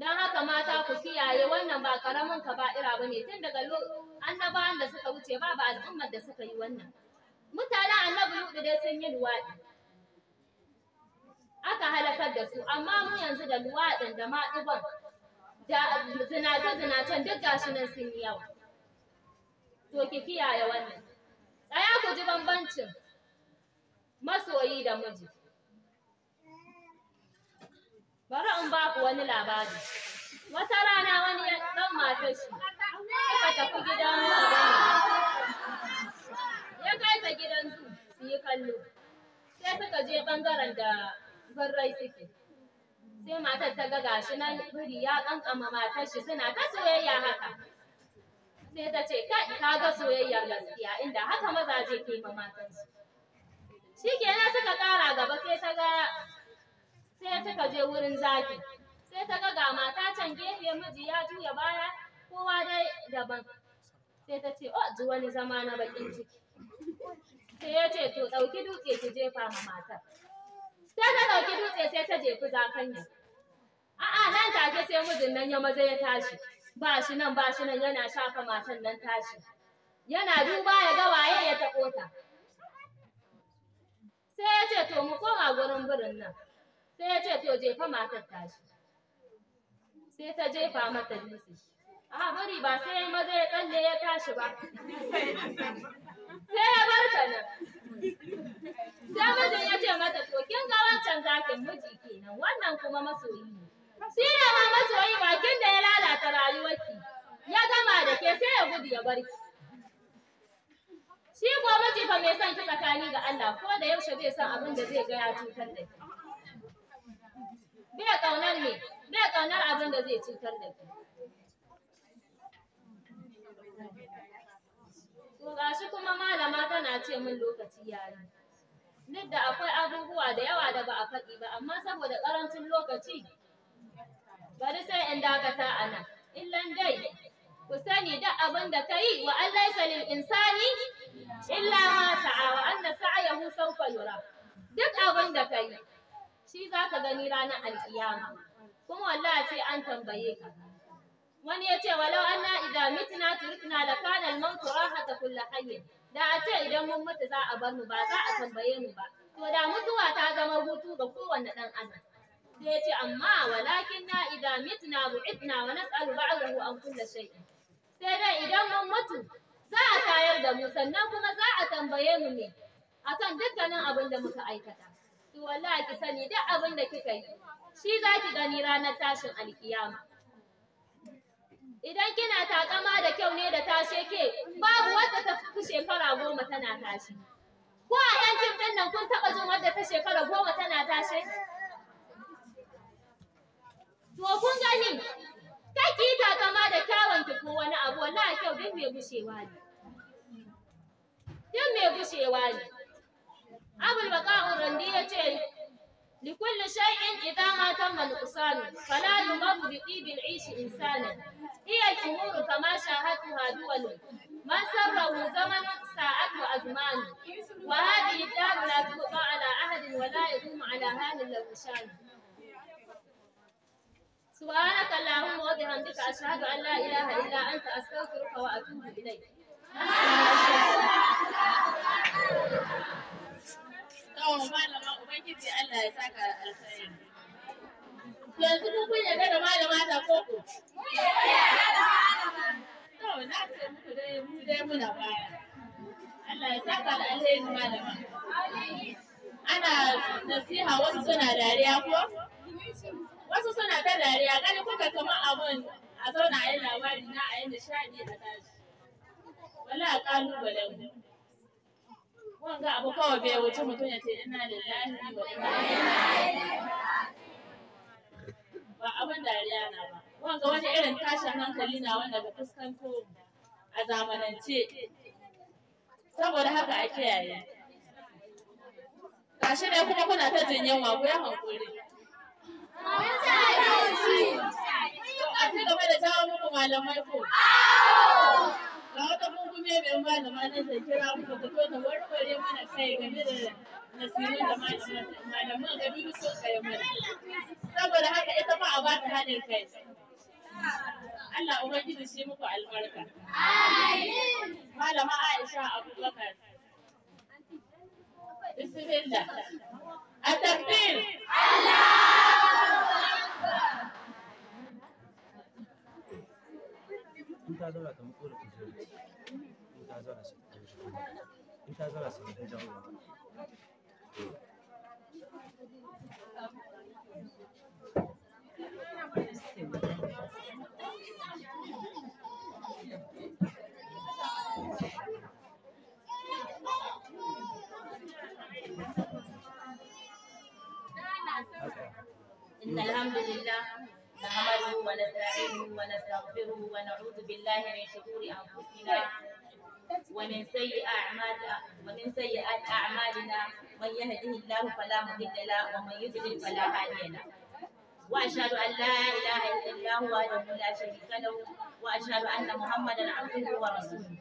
Don haka mata ku kiyaye wannan ba ƙaramin kaba'ira ba ne tun daga annabawan da suka wuce babu al'ummar da suka yi wannan. mutanen annabi Lutu dai sun yi luwaɗi aka halakar da su amma mu yanzu da luwaɗin da maɗuban. da zinace-zinacen duk gashi nan sun yi yawa to ki kiyaye wannan tsaya ku ji bambancin masoyi da miji bari in ba ku wani labari wata rana wani ɗan matashi. suka tafi gidan ya kai ta gidan zu su yi kallo sai suka je bangaren da zarrai suke sai matar ta ga gashi nan biri ya kankama matar shi suna ta soyayya haka sai ta ce kai ka ga soyayyar gaskiya inda haka mazaje ke ma matansu shikenan suka kara gaba sai ta ga sai suka je wurin zaki sai ta ga ga mata can gefe miji ya juya baya kowa dai daban sai ta ce oh ji wani zama na bakin ciki sai ya ce to ɗauki dutse ki jefa ma matar sai ta ɗauki dutse sai ta jefi zakanya a'a nan take sai mijin nan ya maza ya tashi ba shi nan ba shi nan yana shafa matan nan tashi yana duba ya ga waye ya taɓo ta sai ya ce to mu koma gurin birin nan sai ya ce to jefa matar tashi sai ta jefa mata dutse a bari ba sai maza ya tsalle ya tashi ba (laughs) sai ya bar ta nan sai mijin ya ce mata to kin ga wancan zakin miji kenan wannan kuma masoyi ne shi ne ma masoyi bakin da ya lalata rayuwarki ya gama da ke sai ya gudu ya bar ki shi ko miji fa mai son ki tsakani ga Allah ko da yaushe zai san abin da zai ga ya cutar da ki bai kaunar me bai kaunar abin da zai cutar da ki To shi kuma malama tana ce min lokaci ya yi. Duk da akwai abubuwa da yawa da ba a faɗi ba, amma saboda ƙarancin lokaci, bari sai in dakata a nan. Illan dai, ku sani duk abin da ka yi wa Allah insani illa ma sa'a wa Sa'a ya sawfa yura. Duk abin da ka yi, shi za ka gani ranar alƙiyama. Kuma wallahi sai an tambaye ka. wani ya ce walau anna idza mitna turikna la kana al-maut rahata kulli hayy da a ce idan mun mutu za a bar mu ba za a tambaye mu ba to da mutuwa ta zama hutu ga kowanne dan adam sai ya ce amma walakin na idza mitna bu'itna wa nas'alu ba'dahu an kulli shay'in sai dai idan mun mutu za a tayar da mu sannan kuma za a tambaye mu ne akan dukkanin abin da muka aikata to wallahi ki sani duk abin da kika yi shi za ki gani ranar tashin alkiyama Idan kina takama da kyau ne da tashe ke, babu wadda ta fi shekara goma tana tashe. Ko a yankin ɗin nan kun taɓa jin wadda ta shekara goma tana tashe? To kun gani, kake yi takama da kyawun ki ko wani abu, wallahi kyau din mai gushewa ne. din mai gushewa ne. Abul Baka'un Randi ya ce, لكل شيء إذا ما تم نقصانه فلا يمر بطيب العيش إنسانا هي الأمور كما شاهدتها دول ما سره زمن ساءته وأزمان وهذه الدار لا تبقى على عهد ولا يقوم على هان لو شان سبحانك اللهم وبحمدك أشهد أن لا إله إلا أنت أستغفرك وأتوب إليك yanzu kun ta na ce dai mu dai muna Allah ya saka da malama ana nasiha wasu suna dariya ko wasu suna ta dariya gani kuka kama abun a zauna a yi labari na a yi nishaɗi a tashi wala ƙalubalen mu wanga abu kawai bai wuce mutum ya ce ina lillahi wa ina ba abin dariya na ba wanga wani irin tashin hankali na wanda ka fuskanto a zamanance saboda haka a kiyaye gashi ne kuma kuna ta jin yunwa ku yi hankuri a ci gaba da jawo muku malamai ko. Ga wata kungume mai malama na zai kira muku ta zo ta warware mana kai game da nasirin da malaman gabi so kai mana. Saboda haka ita ma a bata haɗin kai. Allah Ubangiji shi muku albarka. Malama Aisha Abubakar. Bismillah. التكبير الله in ta zauna ta muku da kujeru in ta zauna sai ta ta zauna sai ta ونعوذ بالله من شرور أنفسنا ومن سيئات ومن سيئات أعمالنا من يهده الله فلا مضل له ومن يضلل فلا هادي له وأشهد أن لا إله إلا الله وحده لا شريك له وأشهد أن محمدا عبده ورسوله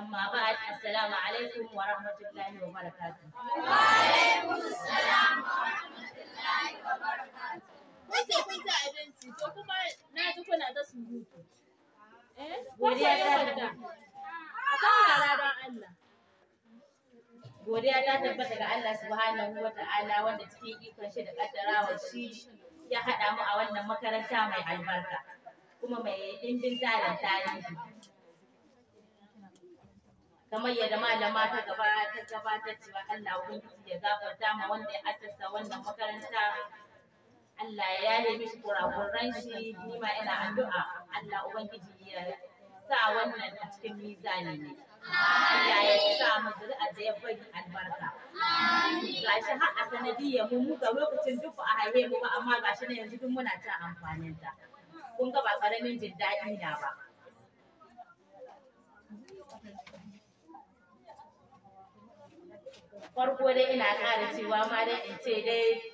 أما بعد السلام عليكم ورحمة الله وبركاته وعليكم السلام ورحمة الله وبركاته Wace kun abinci to kuma na ji kuna ta surutu. Eh? don Allah. Godiya ta tabbata ga Allah subhanahu wa ta'ala wanda cikin ikon shi da kaddarawa shi ya haɗa mu a wannan makaranta mai albarka kuma mai ɗimbin tarin tarihi. kamar yadda malama ta gaba ta gabatar cewa Allah ubangiji ya gafarta ma wanda ya asasa wannan makaranta Allah ya yaye mishi kurakuran shi ni ma ina addu'a Allah ubangiji ya sa wannan a cikin mizani ne Allah ya sa mu zuri'a da ya bari albarka gashi har a sanadiyya mu ga lokacin duk a haye mu ba amma gashi na yanzu duk muna ta amfanin ta kun ga ba karamin jin daɗi ba farko dai ina ƙara cewa ma dai in ce dai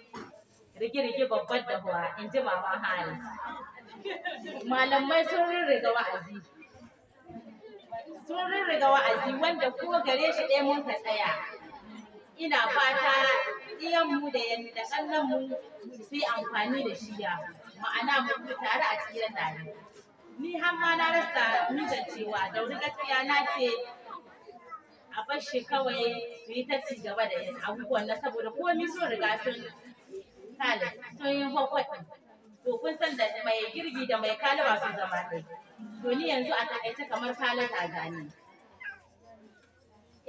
Rike-rike babbar dahuwa in ji mama haris malamai sun rirriga wa'azi sun rirriga wa'azi wanda ko gare shi ɗaya mun ka tsaya ina fata iyanmu da yanni da su yi amfani da shi ya ma'ana mu tare a cikin tare ni har ma na rasa nuna cewa da wuri gaskiya na ce a bar shi kawai su yi ta ci gaba da yin abubuwan na saboda komi sun riga sun Kale, sun yi bakwai. To kun san da mai girbi da mai kalaba su zama ɗaya. To ni yanzu a takaice kamar Khalid a gani.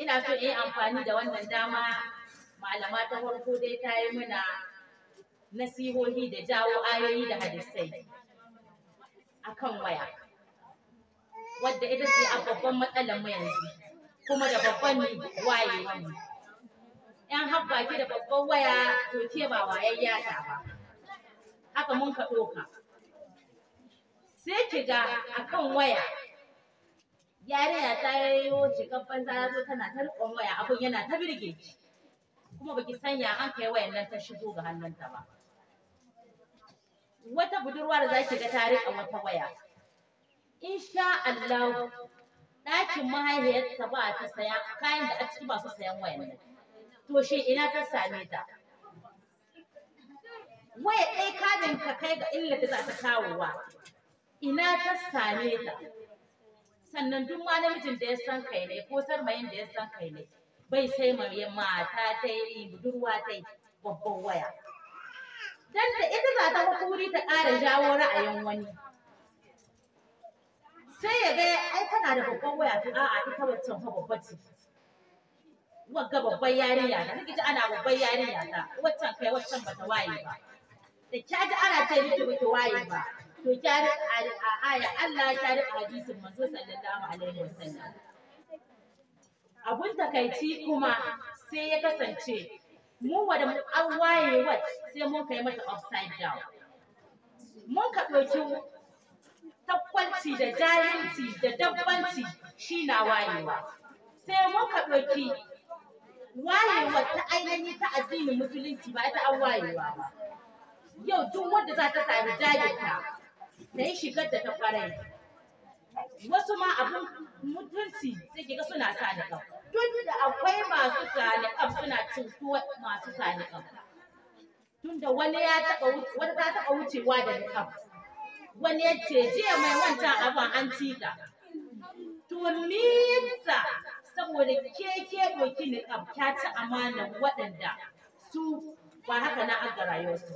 Ina so in yi amfani da wannan dama malama ta farko dai ta yi mana nasihohi da jawo ayoyi da hadisai kan waya. Wadda ita ce a babban matsalar mu yanzu kuma da babban waye mu. 'yan habba ki da babban waya to ke ba wayayya ta ba haka mun ka doka sai ki ga akan waya ya ta yayyo cikar banza zo tana ta rikon waya abun yana ta birge ki kuma baki sanya an kai wayan nan ta shigo ga hannunta ba wata budurwa da zaki ga ta a wata waya insha Allah ɗakin mahaifiyarta ba ta saya kayan da a ciki ba su sayan wayan nan to shi ina ta same ta waya ɗai kamin ka kai ga illa da za ta kawowa ina ta same ta sannan duk ma namijin da ya san kai ne ko san sarmayin da ya san kai ne bai sai mai mata ta yi budurwa ta yi babban waya dan da ita za ta hukuri ta ƙara jawo ra'ayin wani sai ya ga ai tana da babban waya to a'a ita wancan, fa babba ce wagga babban yarinya ta kike ji ana babban yarinya ta waccan kai waccan bata waye ba da kya ana ce miki baki waye ba to kya a aya Allah ya rika hadisin manzo sallallahu alaihi wasallam abun takaici kuma sai ya kasance mu wada mu an waye wat sai mun kai mata upside down mun ka ɗauki takwalci da jahilci da dabbanci shi na wayewa sai mun ka ɗauki wayewar ta ainihi ta addinin musulunci ba ta an wayewa ba yau duk wanda za ta sami jajinta ta yi shigar da ta kwarai wasu ma abin mutunci sai kiga suna sa da kan duk da akwai masu salikan suna cutuwa masu salikan tunda wani ya taɓa wata ta taɓa wucewa da niqab wani ya ce jiya mai wancan abin an ci ta to saboda ke ke ɗauki ni ta ci amanan waɗanda su ba haka na aka rayuwarsu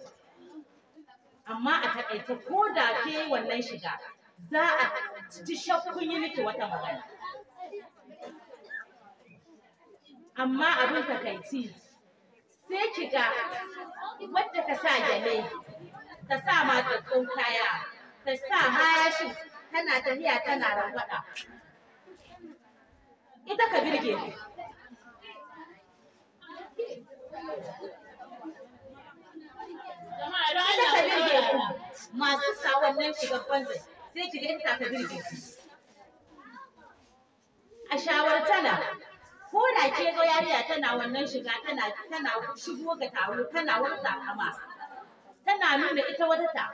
amma a taƙaice ko da ke wannan shiga za a ci shakkun yi miki wata magana amma abin takaici sai ki ga wadda ka sa gyale ka sa matsatsun kaya ka sa hayashin tana tafiya tana rangwada ita ka birge ita ka birge ku masu sa wannan shiga zai sai ki ga ita ka birge ku a tana, ko da ke ga yariya tana wannan shiga tana tana shigo ga taro tana wata kama tana nuna ita wata ta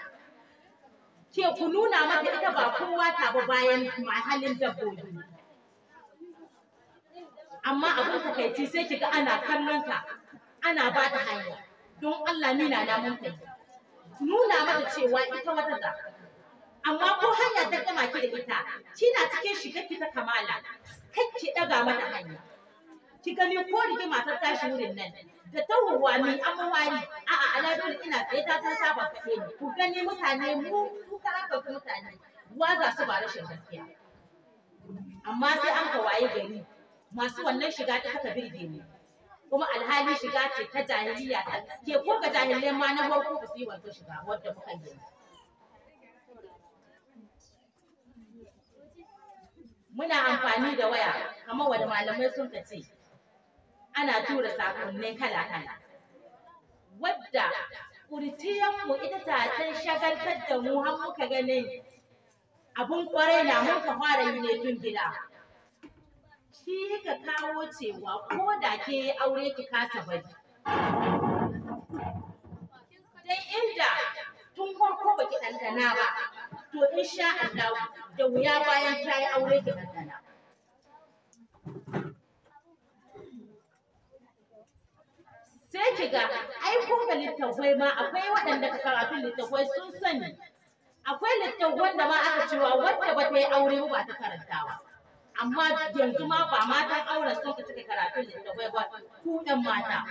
ke ku nuna mata ita ba kowa ta ba bayan mahalin dabbobi amma abin takaici sai kiga ana kallon ka ana ba ta hanya don Allah ni na mun nuna mata cewa ita wata da amma ko hanya ta gama ki da ita kina cikin shiga ki ta kamala kake ki daga mata hanya ki gani ko rigima ta tashi wurin nan da tawwa ni wari. a a dole ina sai ta ta ba kaɗe ni ku gani mutane mu su karaka mutane wa za su ba rashin gaskiya amma sai an ka waye gari masu wannan shiga ta haka birge mu kuma alhali shiga ce ta jahiliya ta ke ko ga jahilai ma na farko ba su yi wannan shiga wadda muka yi muna amfani da waya kamar wadda malamai sun ka ce ana tura sakonnai kala-kala wadda mu ita ta ta shagaltar da mu har muka ganin abun kwarai na mun ka fara yi ne tun gida shi ka kawo cewa ko da ke aure ki kasa bari. Dan inda tun farko ki ɗanɗana ba, to in sha Allah da wuya bayan ta yi aure ki ɗanɗana. Sai ki ga ai kun ga littafai ma akwai waɗanda ka karatun littafai sun sani. Akwai littafan wanda ma aka cewa wadda ba ta yi aure ba ta karantawa. amma yanzu ma ba matan auren sun ka cika karatun da ta ba ku ɗan mata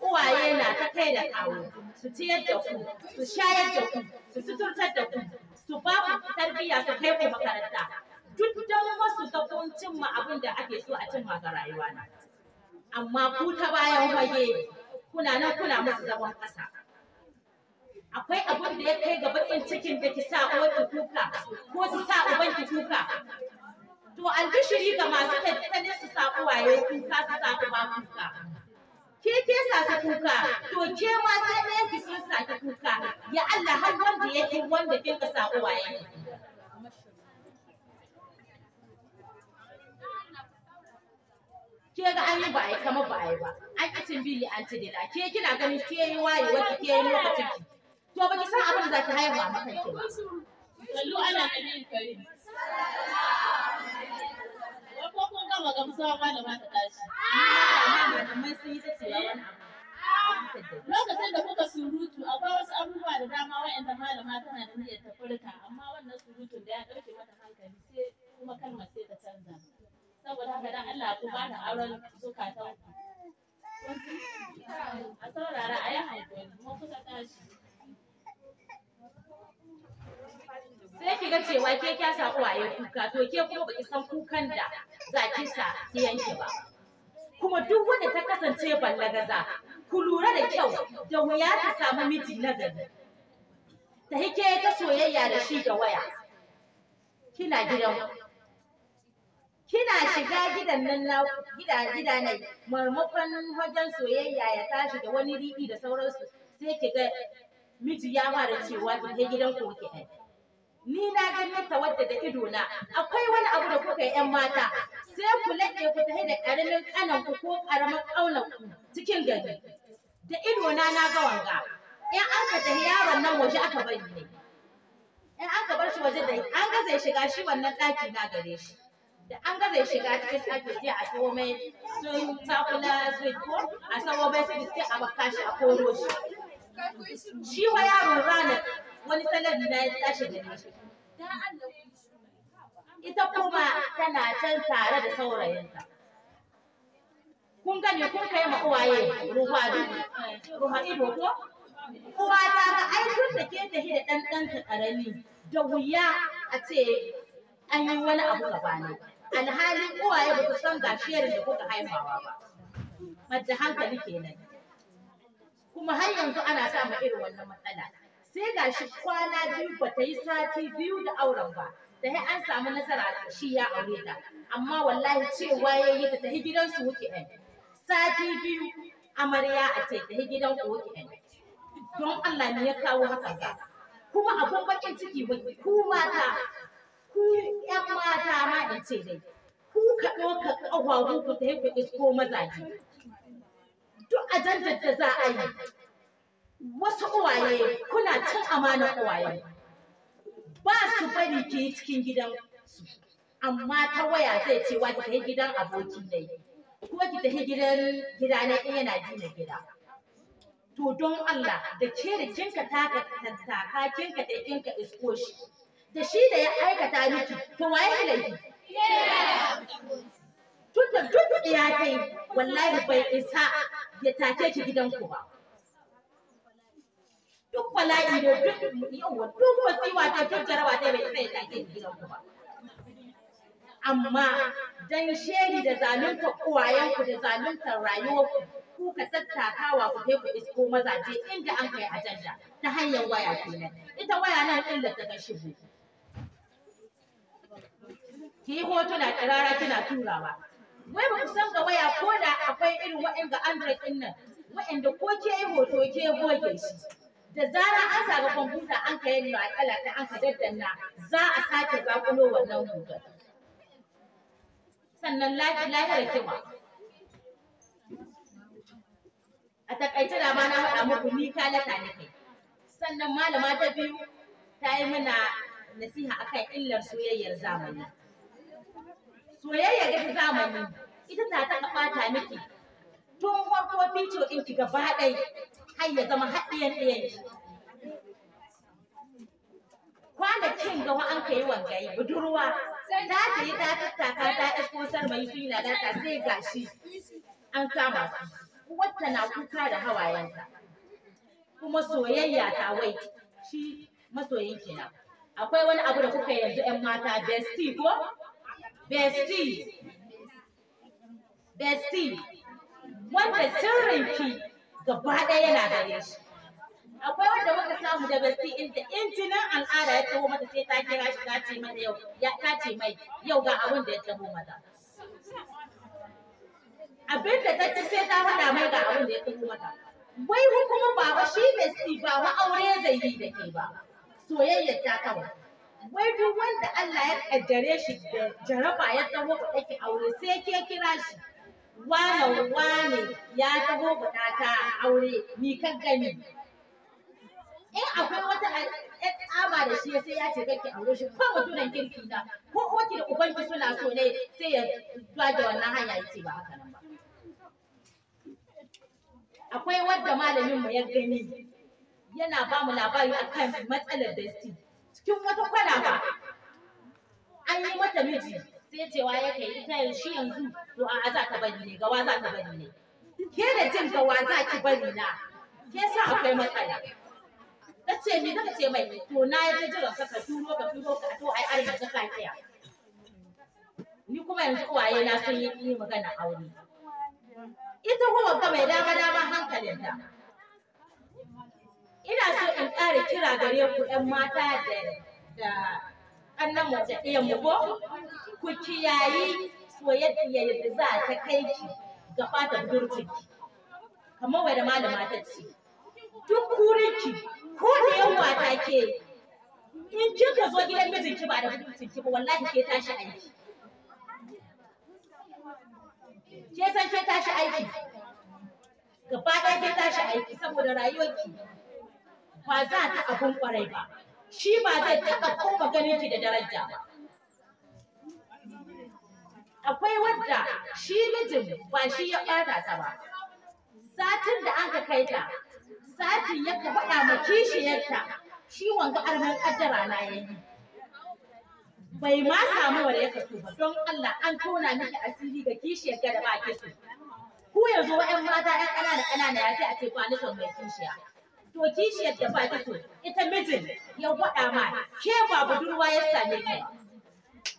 uwaye na ta kai da kawo su ciyar da ku su shayar da ku su suturtar da ku su ba ku tarbiyya su kai ku makaranta duk don wasu ga kun cimma abin da ake so a cimma ga rayuwa na amma ku ta bayan fage kuna nan kuna musu zaman ƙasa akwai abin da ya kai ga bakin cikin da ki sa uwarki kuka ko ki sa ubanki kuka To albishiri ga masu tattalin su saɓu waye kuka su saɓu ba kuka. Ke ke sa kuka, to ke ma sai ɗaya ki sun sa kuka, ya Allah har wanda yake wanda kin ka saɓu waye. Ke ga an yi ba a yi kama ba a yi ba, an ƙacin bili an ci dila, ke kina ganin ke yi waye wata ke yi lokacin ki. To ba ki san abin da za ki haihuwa ke ba. Kallu ana ganin kare. gama gamsuwa malama ta tashi. Malamai sun yi ta cewa wani abu. Lokacin da kuka surutu akwai wasu abubuwa da dama waɗanda malama tana da niyyar ta furta amma wannan surutun da ya ɗauke mata hankali sai kuma kalmar sai ta canza. Saboda haka dan Allah ku ba da auren zukatan A saurara a yi hankali kuma kuka tashi. sai ki ga cewa ke kya sa uwaye kuka to ke kuma baki san kukan da za ki sa yanke ba kuma duk wanda ta kasance gaza, ku lura da kyau da wuya ta samu miji na gari ta hike ta soyayya da shi da waya kina gidan kina shiga gidan nan na gida gida ne marmakon wajen soyayya ya tashi da wani ribi da sauransu sai ki ga miji ya fara cewa ki gidan koke ni na ganin ta wadda da ido na akwai wani abu da kuka yan mata sai ku laɗe ku tafi da karamin kanan ku ko karamin ƙaunar ku cikin gari da ido na na ga wanga in an ka tafi yaron nan waje aka bari ne in an ka bar shi waje da an ga zai shiga shi wannan daki na gare shi da an ga zai shiga cikin daki sai a tawo mai sun takula zai ko a sawo mai sai biskit a shi a koro shi shi wa yaron ranar wani salari na ya tashi da ni ita kuma tana can tare da saurayinta kun gane kun kai ma uwaye ruwa ruwa ido ko uwa ta ga ai da ke tafi da dan dan karami da wuya a ce an yi wani abu ne, alhalin uwaye ba ku san gashiyar da kuka haifawa ba madda hankali kenan kuma har yanzu ana samun irin wannan matsala sai ga shi kwana biyu ba ta yi sati biyu da auren ba ta yi an samu nasara shi ya aure ta amma wallahi cewa ya yi ta tafi gidansu wuki ɗan sati biyu amarya a ce ta yi gidan ku wuki ɗan don Allah ne ya kawo haka ba kuma abun bakin ciki ku mata ku ƴan mata ma in ce dai ku ka ɗauka ƙafafu ku ta yi ku isko mazaje duk ajandar da za a yi wasu uwaye kuna cin amanar uwaye ba su bari ki yi cikin gidan su amma ta waya zai ce wa ki tafi gidan abokin dai ko ki tafi gidan gida na in yana gina gida to don Allah da ke da kinka taka tantaka kinka da kinka isko shi da shi da ya aikata miki to waye laifi tunda duk iya kai wallahi bai isa ya take ki gidan ku ba duk bala'i ne duk yawa duk wasiwa wata duk jarawa ta bai sai ta ke gidan ku amma dan sheri da zalunta uwayen ku da zalunta rayuwar ku ku ka tattakawa ku kai ku isko mazaje inda an kai ajanda ta hanyar waya kenan ita waya nan din da ta shigo ki yi hotuna tsirara kina turawa wai ba ku san ga waya ko da akwai irin waɗanda android ɗin nan waɗanda ko ke yi hoto ke goge shi da zarar an ga kwamfuta an ka ta an ka daddanna za a sake zakulo wannan hutar sannan lafiyar kiba a takaice da ma na faɗa muku ni kalata kai. sannan malama ta biyu ta yi mana nasiha akan illar soyayyar zamani soyayya ga zamani ita ta taɓa fata miki tun farko fito ɗinki gaba ɗaya har ya zama haɗiyan ɗayan shi kwanakin gawa an ka yi wangayi budurwa ta ta yi ta tattaka ta isko sarmayi su yi sai gashi an kama su wata na kuka da hawayenta kuma soyayya ta wai shi masoyin kina akwai wani abu da kuka yanzu 'yan mata bestie ko bestie bestie wanda sirrinki gaba ɗaya yana da shi akwai wanda muka samu da basti inda injinin al'ada ya taho mata sai ta kira shi ta ce mata yau ya ta ce mai yau ga abin da ya taho mata abin da ta ce sai ta faɗa mai ga abin da ya taho mata wai kuma baba shi basti ba wa aure zai yi da ke ba soyayyar ta kawai wai duk wanda Allah ya kaddare shi da jaraba ya taho ba ɗaki aure sai ke kira shi wane wane ya taho bukata aure ni kan gani in akwai wata tsaba da shi sai ya ce kake aure shi ko mutumin kirki da ko oki da ubangi suna so ne sai ya zuwa wannan hanya ya ce ba haka nan ba akwai wadda malamin mu ya gani yana ba mu labari akan matsalar dasti cikin wata kwalaba an yi mata miji sai cewa ya kai ita yanzu yanzu to a za ta bari ne gawa za ta bari ne ke da jin gawa za ki bari na ke sa akwai matsala ta ce me zaka ce mai to na ya ta jiran ka ka turo ka turo ka to ai arziki ka kaya ni kuma yanzu uwaye na sun yi magana aure ita kuma ka mai dama dama hankalin ta ina so in ƙara kira gare ku ƴan mata da annan mu ta ɗaya ko ku kiyayi soyayya yadda za ta kai ki ga fata budurcin ki kamar da malama ta ce duk kurin ki ko da 'yan wata ke in kika zo gidan mijin ki ba da budurcin ki ba wallahi ke tashi aiki ke san ke tashi aiki ga fata ke tashi aiki saboda rayuwarki ba za ta abun kwarai ba shi ba zai taɓa koma ganin ki da daraja ba. Akwai wadda shi mijin ba shi ya ɓata ta ba. Satin da aka kai ta, satin ya ka faɗa ma kishiyarta, shi wanga armar ƙaddara na ya Bai ma samu wanda ya kaso ba, don Allah an tona miki asiri ga kishiyar da ba ki so. Ku yanzu wa'yan mata 'yan ƙanana ƙanana ya sai a ce kwanikan mai kishiya. to kishiyar da ba ta so ita mijin ya gwada ma ke ba budurwa ya same ki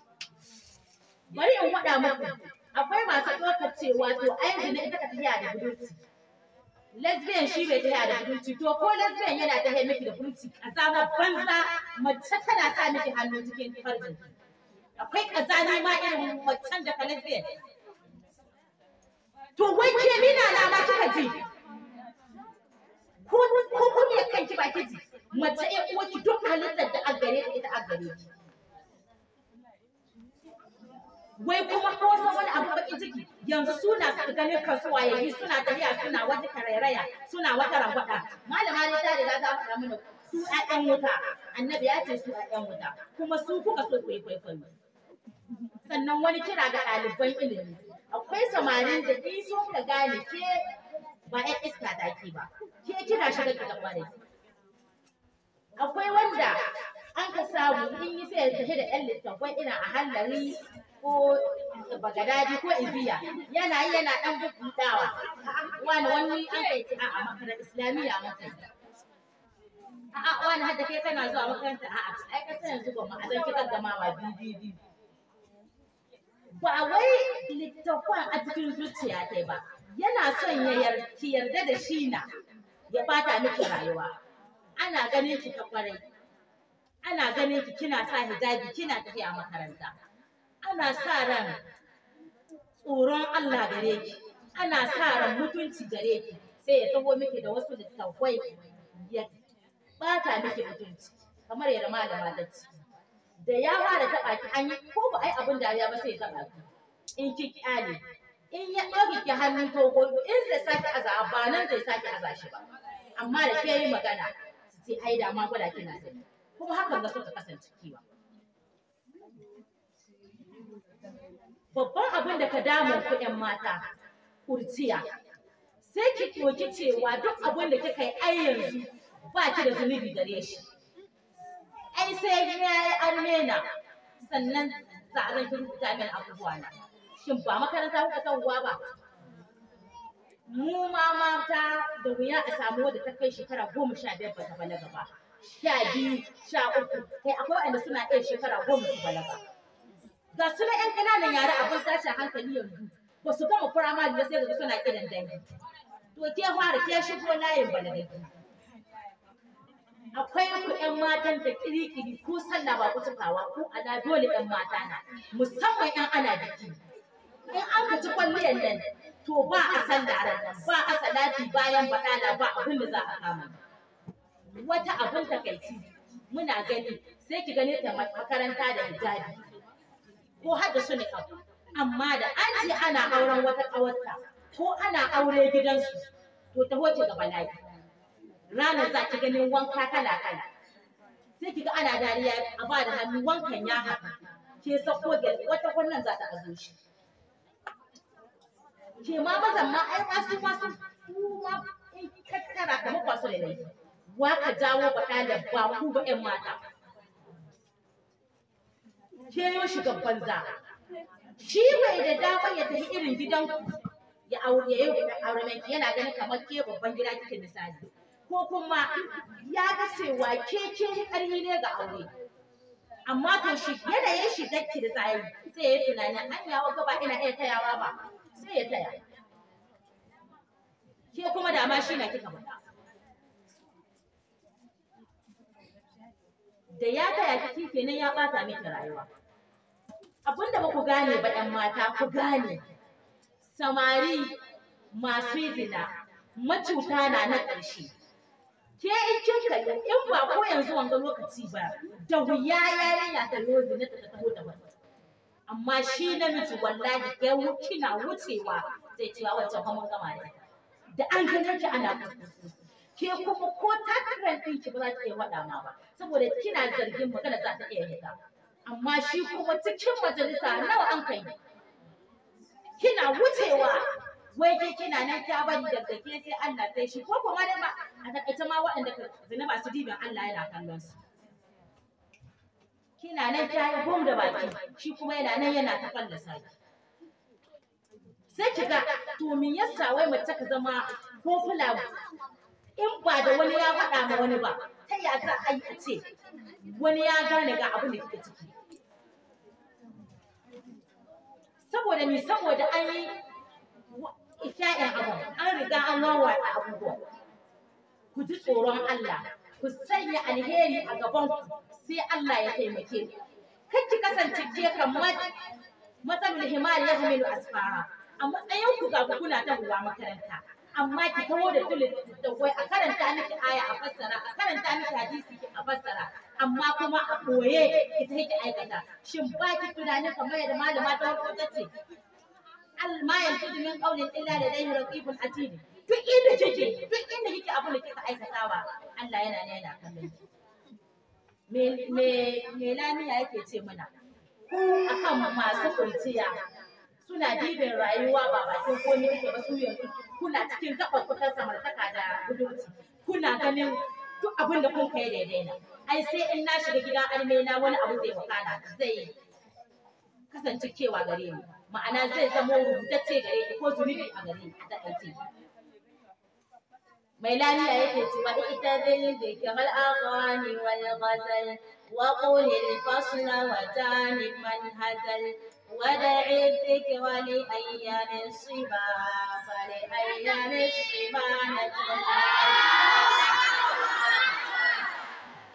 bari in waɗa maku, akwai masu ɗaukar cewa to ai zina ita ka tafiya da budurci lesbian shi bai tafiya da budurci to ko lesbian yana tafiya miki da budurci kazama banza mace tana sa miki hannu cikin farjin akwai kazani ma irin macen da ka lesbian to wai ke mina na ma kika ji ko ko kun ya kanki ba kiji mace ƴan ki, duk halittar da an gare ta ita an gare ki wai kuma hausa wani abu ciki yanzu suna suka ganin kansu yi, suna tafiya suna wata karairaya suna wata rangwada malama ne ta riga ta faɗa mana su ƴaƴan wuta annabi ya ce su ƴaƴan wuta kuma su kuka so ku sannan wani kira ga ɗaliban ilimi akwai samarin da in so ka gane ke ba ‘yan iska da ke ba ke kira shi da kwarai akwai wanda an ka samu in yi sai tafi da ‘yan littattafai ina a hallari ko bagadadi ko ibiya yana yi yana ɗan bubbudawa wani wani an ka kai ci a makarantar islamiyya makarantar a'a wani hadda kai kana zuwa makaranta a'a ai ka sanin zuwa ma a zanki ma bibibi ba wai littattafan a cikin zuciya ta ba yana son ya yarda da shi na ya bata miki rayuwa ana ganin ki ta kwarai ana ganin ki kina sa hijabi kina tafiya makaranta ana sa ran tsoron Allah gare ki ana sa ran mutunci gare ki sai ya taho miki da wasu littafai ya bata miki mutunci kamar ya rama da malacci da ya fara taɓa ki an yi ko ba ai abin dariya ba sai ya taɓa ki in ki kyale in ya ɗauki hannun togogo in zai sake aza ba nan zai sake aza shi ba amma da ke yi magana su ce ai da ma gwada kina sani kuma hakan ga suka kasance kiwa babban abin da ka damu ku ƴan mata kurciya sai ki ɗauki cewa duk abin da kika yi ai yanzu ba ki da zunubi gare shi ai sai ya yi armena sannan za a zan rubuta min abubuwa na shin ba makaranta kuka uwa ba mu ma mata da wuya a samu wadda ta kai shekara goma sha biyar ba ta balaga ba sha biyu sha uku kai akwai wanda suna iya shekara goma su balaga ga su na yan ƙananan yare abin tashin hankali yanzu ba su gama firamare ba sai daga suna kiran dangi to ke fara ke shigo layin balagaggi akwai ku ƴan matan da kirikiri ko sallah ba ku tukawa ko ala dole ƴan mata na musamman ƴan ana biki in an ka ci kwalliyar nan to ba a san sallah ba a salati bayan baɗala ba abin da za a kama wata abin takaici muna gani sai ki gani ta makaranta da hijabi ko har da su ne abu amma da an ce ana auren wata ƙawarta ko ana aure gidansu to ta hoce ga bala'i ranar za ki ganin wanka kala kala sai ki ga ana dariya a ba da hannu wankan ya haka ke sako wata wannan za ta azo shi ke ma mazan ma ai kwasu kwasu su ma tattara kamar kwasu da laifi wa ka jawo ba ɗalib ba ku ba ƴan mata ke yo shugaban za? shi bai da dama ya tafi irin gidan ya aure ya yi auren yana ganin kamar ke babban gida kike misali ko kuma ya ga cewa ke ke ƙarfi ne ga aure amma to shi yana yanayin shi dakki da tsayi sai ya yi tunanin an yawa gaba ina iya tayawa ba sai ya taya ke kuma da ma shi na kika ba da ya taya kiki kenan ya bata miki rayuwa abinda ba ku gane ba ɗan mata ku gane samari masu zina macuta na na ƙarshe ke in kin kalli in ba ko yanzu wanga lokaci ba da wuya yarinya ta lozi na ta taho da wani amma shi namiji wallahi ya kina wucewa zai cewa wancan kuma mun gama da da an gano ki ana kuskusu ke kuma ko takarar ki ba za ta iya wada ma ba saboda kina zargin magana za ta iya hita amma shi kuma cikin majalisa nawa an kai kina wucewa wai ke kina nan ta bari daga ke sai Allah sai shi ko kuma dai ma a takaice ma waɗanda zina su dibin Allah yana kallon su kina nan ta yi gum da baki shi kuma yana nan yana ta fallasa ki sai ki ga to min yasa wai mace ka zama ko in ba da wani ya faɗa ma wani ba ta ya za a yi a ce wani ya gane ga abu da kike ciki saboda me saboda an yi isha'in abu an riga an wawa abubuwa ku ji tsoron Allah ku sanya alheri a gaban ku sai Allah ya taimake ku kar ki kasance ke kamar matsalul himar ya hamilu asfara a matsayin ku ga kuna ta ruwa makaranta amma ki taho da tulin dakwai a karanta miki aya a fassara a karanta miki hadisi a fassara amma kuma a boye ki ta ki aikata shin ba ki tunanin kamar yadda malama ta hukunta ce al ma yantudu min qawlin da ladayhi raqibun atid duk inda kike duk inda kike abin da kika aikatawa Allah yana ne yana kallon ki me me me lamiya yake ce mana ku akan masu kurciya suna dibin rayuwa ba bakin komai yake ba su yanzu kuna cikin gaɓar kutar samartaka da budurci kuna ganin duk abin da kun kai daidai na ai sai in na shiga gidan almena wani abu zai wakana zai kasance kewa gare ni ma'ana zai zama rubutacce gare ni ko zunubi a gare ni a takaice بلال يكت وإتذل ذكر الأغاني والغزل وقول الفصل وتانب من هزل ودع الذكر لأيام الصبا فلأيام الصبا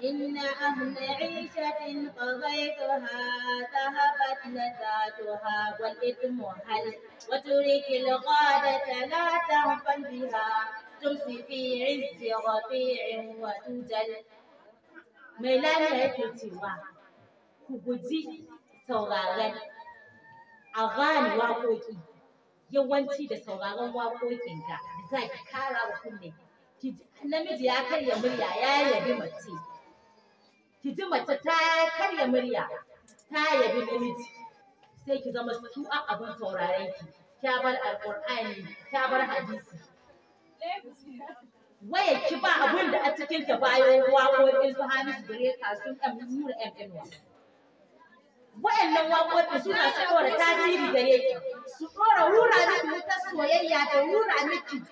إن أهل عيشة قضيتها ذهبت لذاتها والإثم هل وترك الغابة لا تغفل بها تمسي في عز رفيع وتجل mai lana yake cewa ku guji sauraron a gane waƙoƙi yawanci da sauraron waƙoƙin da za ki kara wa kunne namiji ya karya murya ya yabi mace ki mace ta karya murya ta yabi namiji sai ki zama su abin sauraren ki ta bar alƙur'ani ta bar hadisi wayar ki ba abin da a cikin ta bayan waƙoƙin su Hamisu Breka sun ɗan nura MNY. Wa'annan waƙoƙi suna su ɗora tasiri gare ki, su ɗora wura miki wutar soyayya da wura miki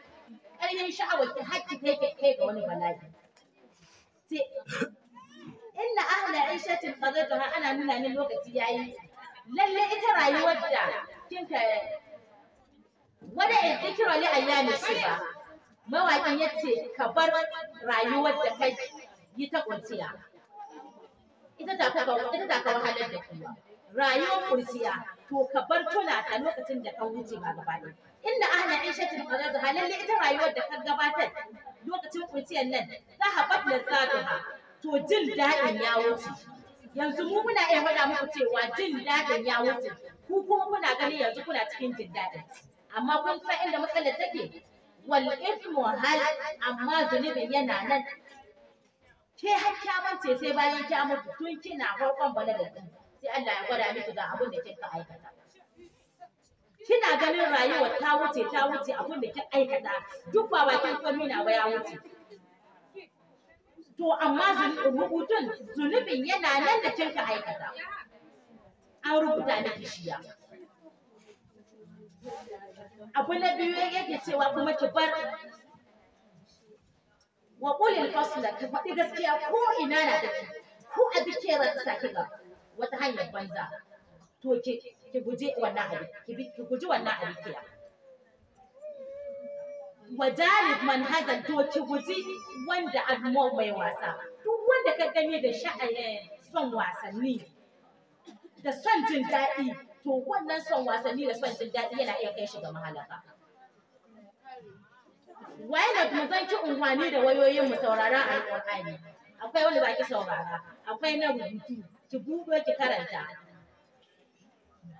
ƙarfin sha'awar ki har ki kai kai ga wani bala'i. Inna ahla aishatin qadatuha ana nuna min lokaci yayi. Lalle ita rayuwar da kinka wada in ikira li ayyami shi ba. mawaƙin ya ce ka bar rayuwar da kai yi ta kurciya ita ta ka wahalar da kuma rayuwar kurciya to ka bar tuna ta lokacin da ka wuce ba gaba ɗaya inda ahla aishatul qadar halalle ita rayuwar da ka gabatar lokacin kurciyar nan za ha batlar tsadaha to jin daɗin ya wuce yanzu mu muna iya faɗa muku cewa jin daɗin ya wuce ku kuma kuna gani yanzu kuna cikin jin daɗin amma kun san inda matsalar take wal ismu amma zunubin yana nan ke har kyaman ce sai bayan kya tun kina farkon da din sai Allah ya gwada miki ga abin da kika aikata kina ganin rayuwar ta wuce ta wuce abin da kika aikata duk ba bakin komi na ba ya wuce to amma zunubin rubutun zunubin yana nan da kika aikata an rubuta na kishiya abu na biyu ya yake cewa kuma ki bar wa qulil fasla ka faɗi gaskiya ko ina na take ko a bike ba ta ki ga wata hanyar banza to ki ki guje wannan abin ki guji wannan abin kira wajalib man hazan to ki guji wanda almo mai wasa duk wanda ka gani da sha'ayen son wasanni da son jin daɗi to wannan son wasanni da son jin daɗi yana iya kai shi ga mahalaka na mu zan ci unguwanni da wayoyin mu sauraron alƙur'ani akwai wanda baki saurara akwai na rubutu ki buɗe ki karanta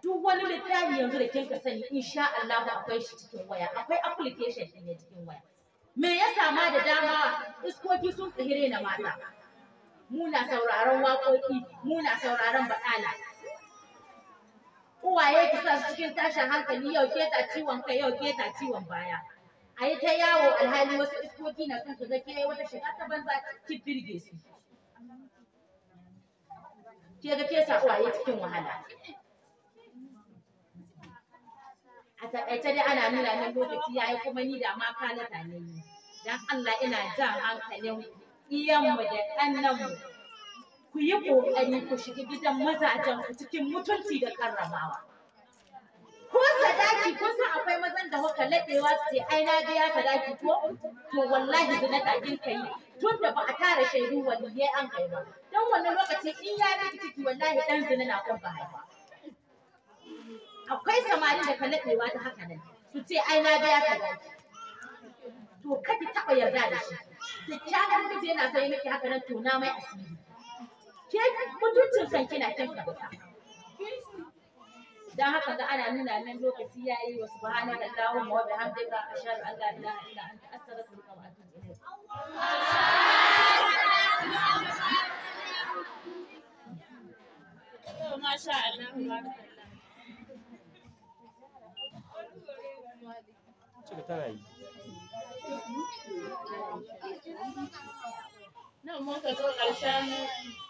duk wani littafi yanzu da kinka sani insha Allah akwai shi cikin waya akwai application din ne cikin waya me ya sama da dama iskoki sun tsire na mata muna sauraron waƙoƙi muna sauraron baƙala. cikin tashin hankali yau ke ciwon kai yau ke ciwon baya a yi ta yawo alhali wasu iskoki na son su ke wata shiga ta banza ki birge su ke ga ke a yi cikin wahala a taƙaice dai ana nuna nan lokaci yayi kuma ni da ma kalata ne ni dan Allah ina jan hankalin iyanmu da ƙannanmu ku yi ƙoƙari ku shiga gidan mazajen ku cikin mutunci da karramawa ko sadaki ko san akwai mazan da muka laɗewa su ce ai na biya sadaki ko to wallahi na ɗakin ka yi tun da ba a tara shaidu waliyai an kai ba dan wannan lokacin in ya miki ciki wallahi ɗan zina na kan ba haifa akwai samari da ka laɗewa ta haka nan su ce ai na biya sadaki to kada taɓa yarda da shi kyakkyawar kace yana sai miki haka nan to na mai asiri ke mutuncin kan kina kin ka dan haka ga ana nuna min lokaci yayi wa subhanaka allahumma wa bihamdika ashhadu an la ilaha illa anta astaghfiruka wa atubu ilayk ما شاء الله تبارك الله. نعم ممكن تقول علشان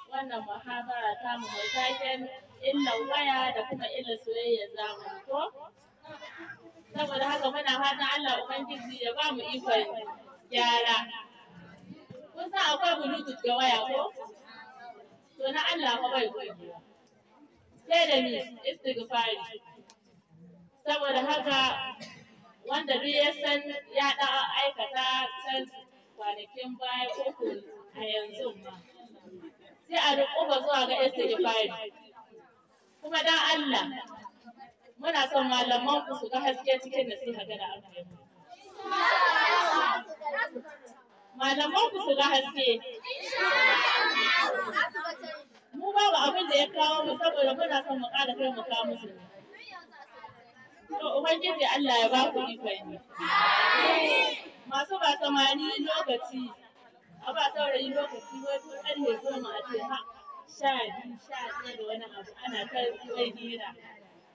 wannan muhabara ta mu mai taken illan waya da kuma illa soyayya zamu, ko saboda haka muna fatan Allah ubangiji ya ba mu ikon gyara kun san akwai bluetooth ga waya ko to na Allah ko bai sai da ni istighfari saboda haka wanda duk ya san ya da aikata can kwanakin baya uku a yanzu ma sai a rukuba zuwa ga istighfari kuma dan Allah muna son malaman ku su ga haske cikin nasiha ga Allah malaman ku su ga haske mu ba wa abin da ya kawo mu saboda muna son mu kada kai mu kawo musu to ubangiji Allah ya ba ku ikon masu ba samani lokaci a ba saurayi lokaci wai tun ƙarfe goma a ce ha sha biyu sha ɗaya da wani abu ana ta wai hira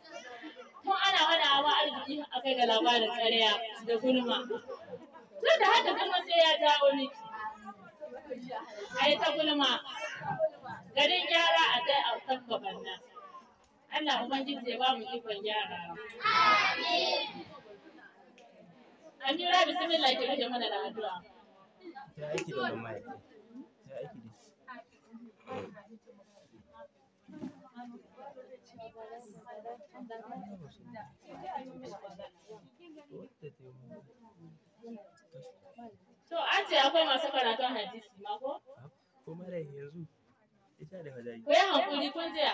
tun ana wani abu arziki a kai ga labarin ƙarya da gulma tun da haka kuma sai ya dawo miki a yi ta gulma garin gyara a kai a kakka banna Allah Ubangiji ya ba mu ikon gyara. Amin. Amira bismillah ki rage mana da addu'a. ta To akwai masu karatun hadisi ma ko? mara yanzu ita da hadari. Ko ya kun jiya?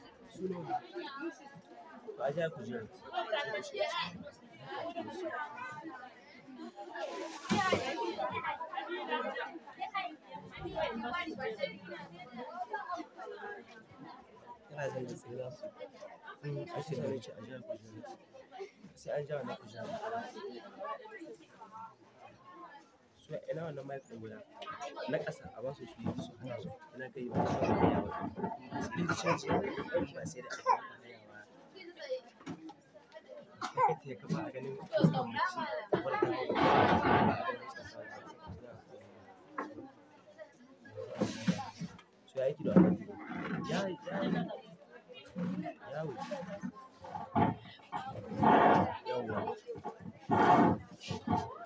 بعدها كجرت لازم نسيبها عشان نجي أجاب كجرت بس أنا جاي أنا كجرت suna ina wannan mic guda na ƙasa a basu su yi su hana su ina kai ba su hana yawa speed change ba sai da aka yawa ka ba a ganin fuskan ya ta aiki da wannan ya yawo yawo yawo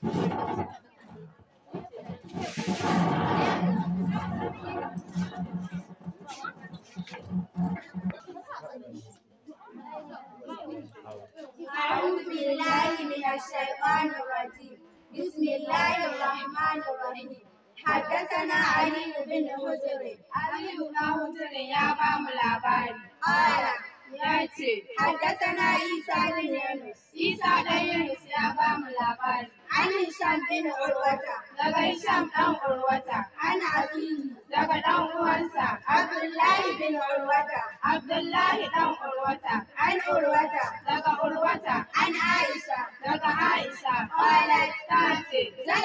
أعوذ بالله من الشيطان الرجيم بسم الله الرحمن الرحيم حدثنا علي بن هجر علي بن هجر يا بام الأباري قال ياتي حدثنا عيسى بن يونس عيسى بن يونس يا بام الأباري An Hisham bin Urwata. Daga Hisham ɗan Urwata. An Afihi. Daga ɗan uwansa. Abdullahi bin Urwata. Abdullahi dan Urwata. An Urwata. Daga Urwata. An Aisha. Daga Aisha. Qalat ta ce. da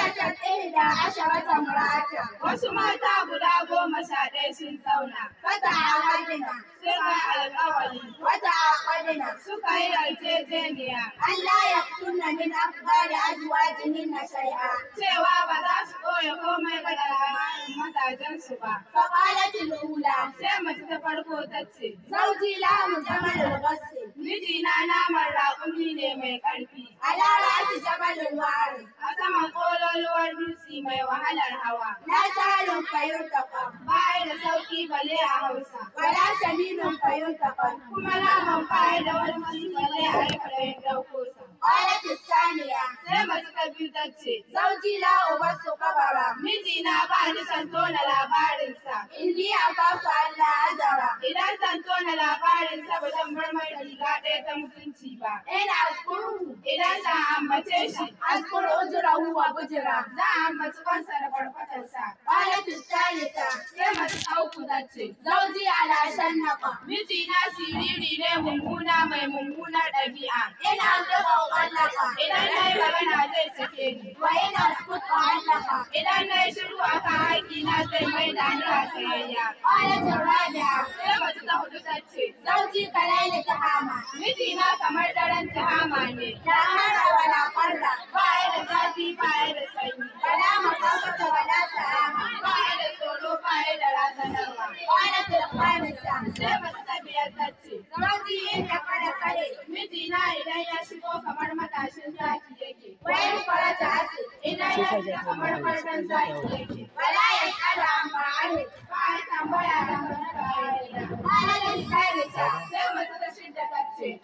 ihda asharata murata. Wasu mata guda goma sha ɗaya sun zauna. Fata Sai Suka alƙawari. Wata a ahadina. Suka yi yarjejeniya. Allah ya kunna min afdali azwaji jinin na shai'a cewa ba za su koya komai ba da labarin mazajen ba fa qalatil sai mace ta farko ta ce zauji la mujamalul ghassi miji na naman raƙumi ne mai ƙarfi ala ra'si jabalul wari a sama kololuwar dutse mai wahalar hawa na sahalun fayurtaqa baya da sauƙi bale a Hausa wala saminun fayurtaqa kuma na ban baya da wani bale a rikare dauko Ƙwalatu saniya. Sai masu ta biyu ta ce, Zauji la ubar su kabara, mijina ba ni san tona labarinsa. Inni a kafa Allah azara. Idan san tona labarinsa ba zan bar mai riga ɗaya ta mutunci ba. Ina askuru. Idan za a ambace shi. Askuru ujira huwa bujira. Za a ambaci kansa da farfatarsa. Ƙwalatu salisa. Sai masu ta uku ta ce, Zauji ala shannaka. Mijina siriri ne mummuna mai mummunar ɗabi'a. Ina zuba mu'allaka idan na yi magana zai sake ni wa ina sukut mu'allaka idan na yi shiru akan haƙƙi na zai mai da ni a sayayya qalatul rabi'a sai batu ta hudu tace zauji kalaili tahama miji na kamar daren tahama ne la hara wa la qarra ba ya da zafi ba ya da sanyi ta mafaka wala sa'ama ba ya da tsoro ba ya da razanarwa qalatul khamisa sai batu ta biyar tace zauji inda kare miji na idan ya shigo kamar kamar matashin zaki yake wayan farata asu ina ya kamar fardan zaki yake wala ya tsara amma ani ba a tambaya da mana da ayyana halin sai sai mu ta da kace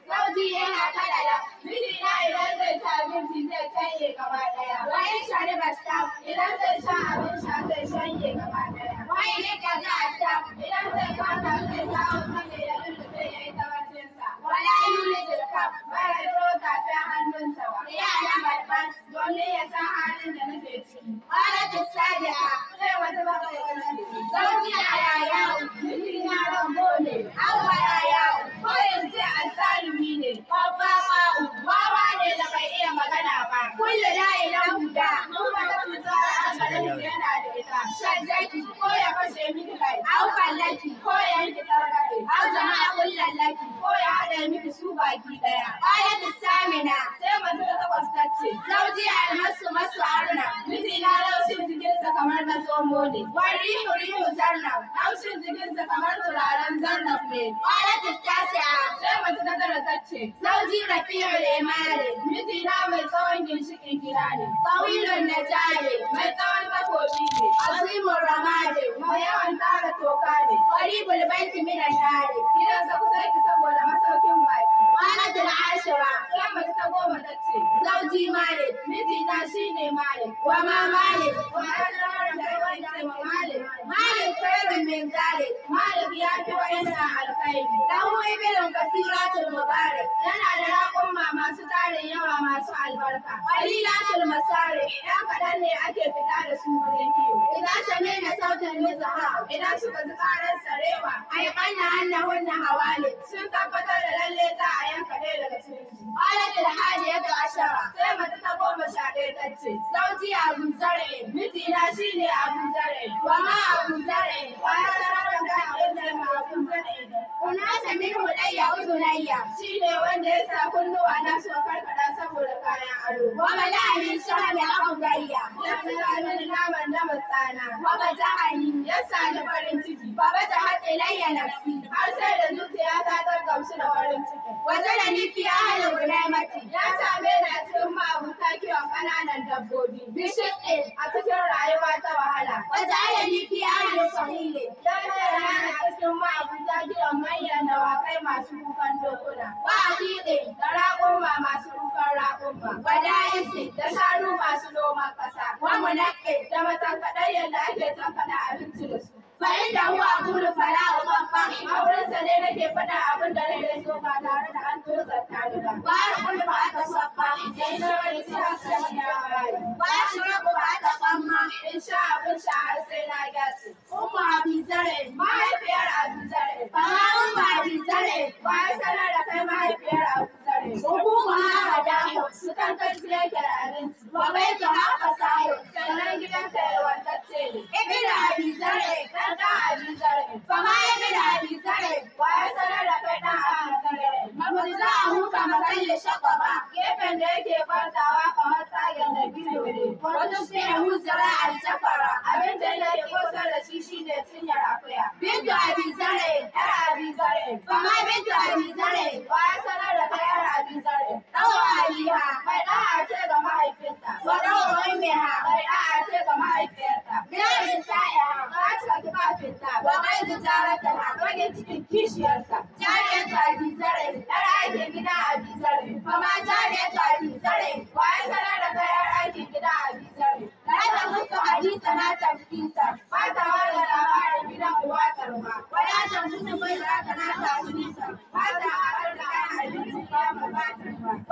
idan suka ji karar sarewa ai banna annahunna hawali sun tabbatar da lalle za a yanka ɗaya daga cikin su qalat al hadiyatu ashara sai mata ta goma sha ɗaya ta ce zauji abu zar'i miji na shine abu zar'i wa ma abu zar'i wa ya sanar da abin da ma abu zar'i kuna samin hulayya uzunayya ne wanda ya sa kunnuwa na su farfada saboda kayan ado wa bala'in shahmi abu gayya ya tsira mini naman na matsana wa bata'ani ya sa ni farin ciki. Baba ta haɗe layya fi. har sai da zuciya ta ta gamsu da farin ciki. Waje da niki fiye hana gulamati ya same na cikin ma ma'abuta kiwon ƙananan dabbobi. Bishin ɗin a cikin rayuwa ta wahala. Waje da ni fiye hana sahile ya mayar na cikin ma ma'abuta kiwon manyan dawakai masu kukan dokuna. Wa a da raƙumma masu kukan raƙumma. Wada isi da shanu masu noman ƙasa. Wa munaƙe da matankaɗayyar da ake tankaɗa abinci da su. fa'in da huwa gudu fara wa mamma a sa ne nake faɗa abin da nake so ba tare da an tozarta ni ba ba a kudu ba aka sabba in sha wani sha sanya ba ba shi rabu ba aka mamma in sha abin sha har sai na gyatsu umma abin zare mahaifiyar abin zare bala umma abin zare wa sanar da kai mahaifiyar abin zare hukuma ha da su kan kai yake abinci wa bai ta haka sayo sannan gidan ka yawantacce ne da abin zare dan da abi zare ibi da abin zare wa sanar da kai dan abi zare mafi za a huka masayin shagwaba gefen da yake kwantawa kamar tsagen da bidiyo ne wata shi ya zara a jafara abin da yake kusa da shi shine cinyar akuya. Bintu abin zara'in, ‘yar abin zara'in. Fama bintu abin zara'in, wa ya sanar da kai ‘yar abin zara'in. Ɗawa aliha, mai a ce ga mahaifinta. Wa ɗawa ummiha, mai ha a ce ga mahaifiyarta. Jarin sa'iha, ba ta tufafinta. Wa kai tijarata ha, bagin cikin kishiyarta. Jariyar ta abin zara'in, ‘yar aikin gida abin zara'in. Fama jariyar ta abin zara'in, wa ya sanar da kai ‘yar aikin gida abin zara'in. Na ta mutu hadisa na tafkisa, ba ta wada labarin gidan uwatar ba. Wala ta mutu mai zaka na tafkisa, ba ta harar da kayan abinci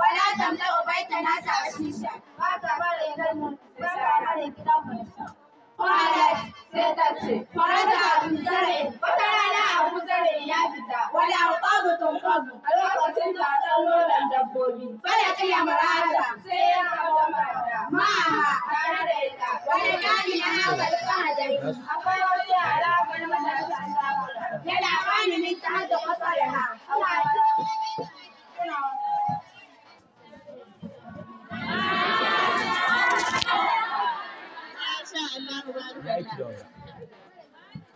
Wala ta mutu ubaita na tafkisa, ba ta bare gidan mu, ba ta bare gidan mu. Falat sai ta ce, Farata Abu Zar'in, wata rana Abu Zar'in ya fita, wani alƙazu tunkazu a lokacin da a ɗan dabbobi. Fada ta yi marata sai ya kawo mata, ma'aha tare da ita, wani gani na haka alfahari, akwai wasu yara wani matasa a sabon. Yana bani min ta hada kwasa da ha.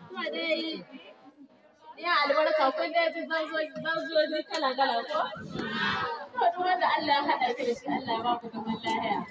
Kuma dai ya albarka kun dai ji zanzoji kala kala ko? To duk wanda Allah ya haɗa da shi Allah ya ba ku zaman lahiya.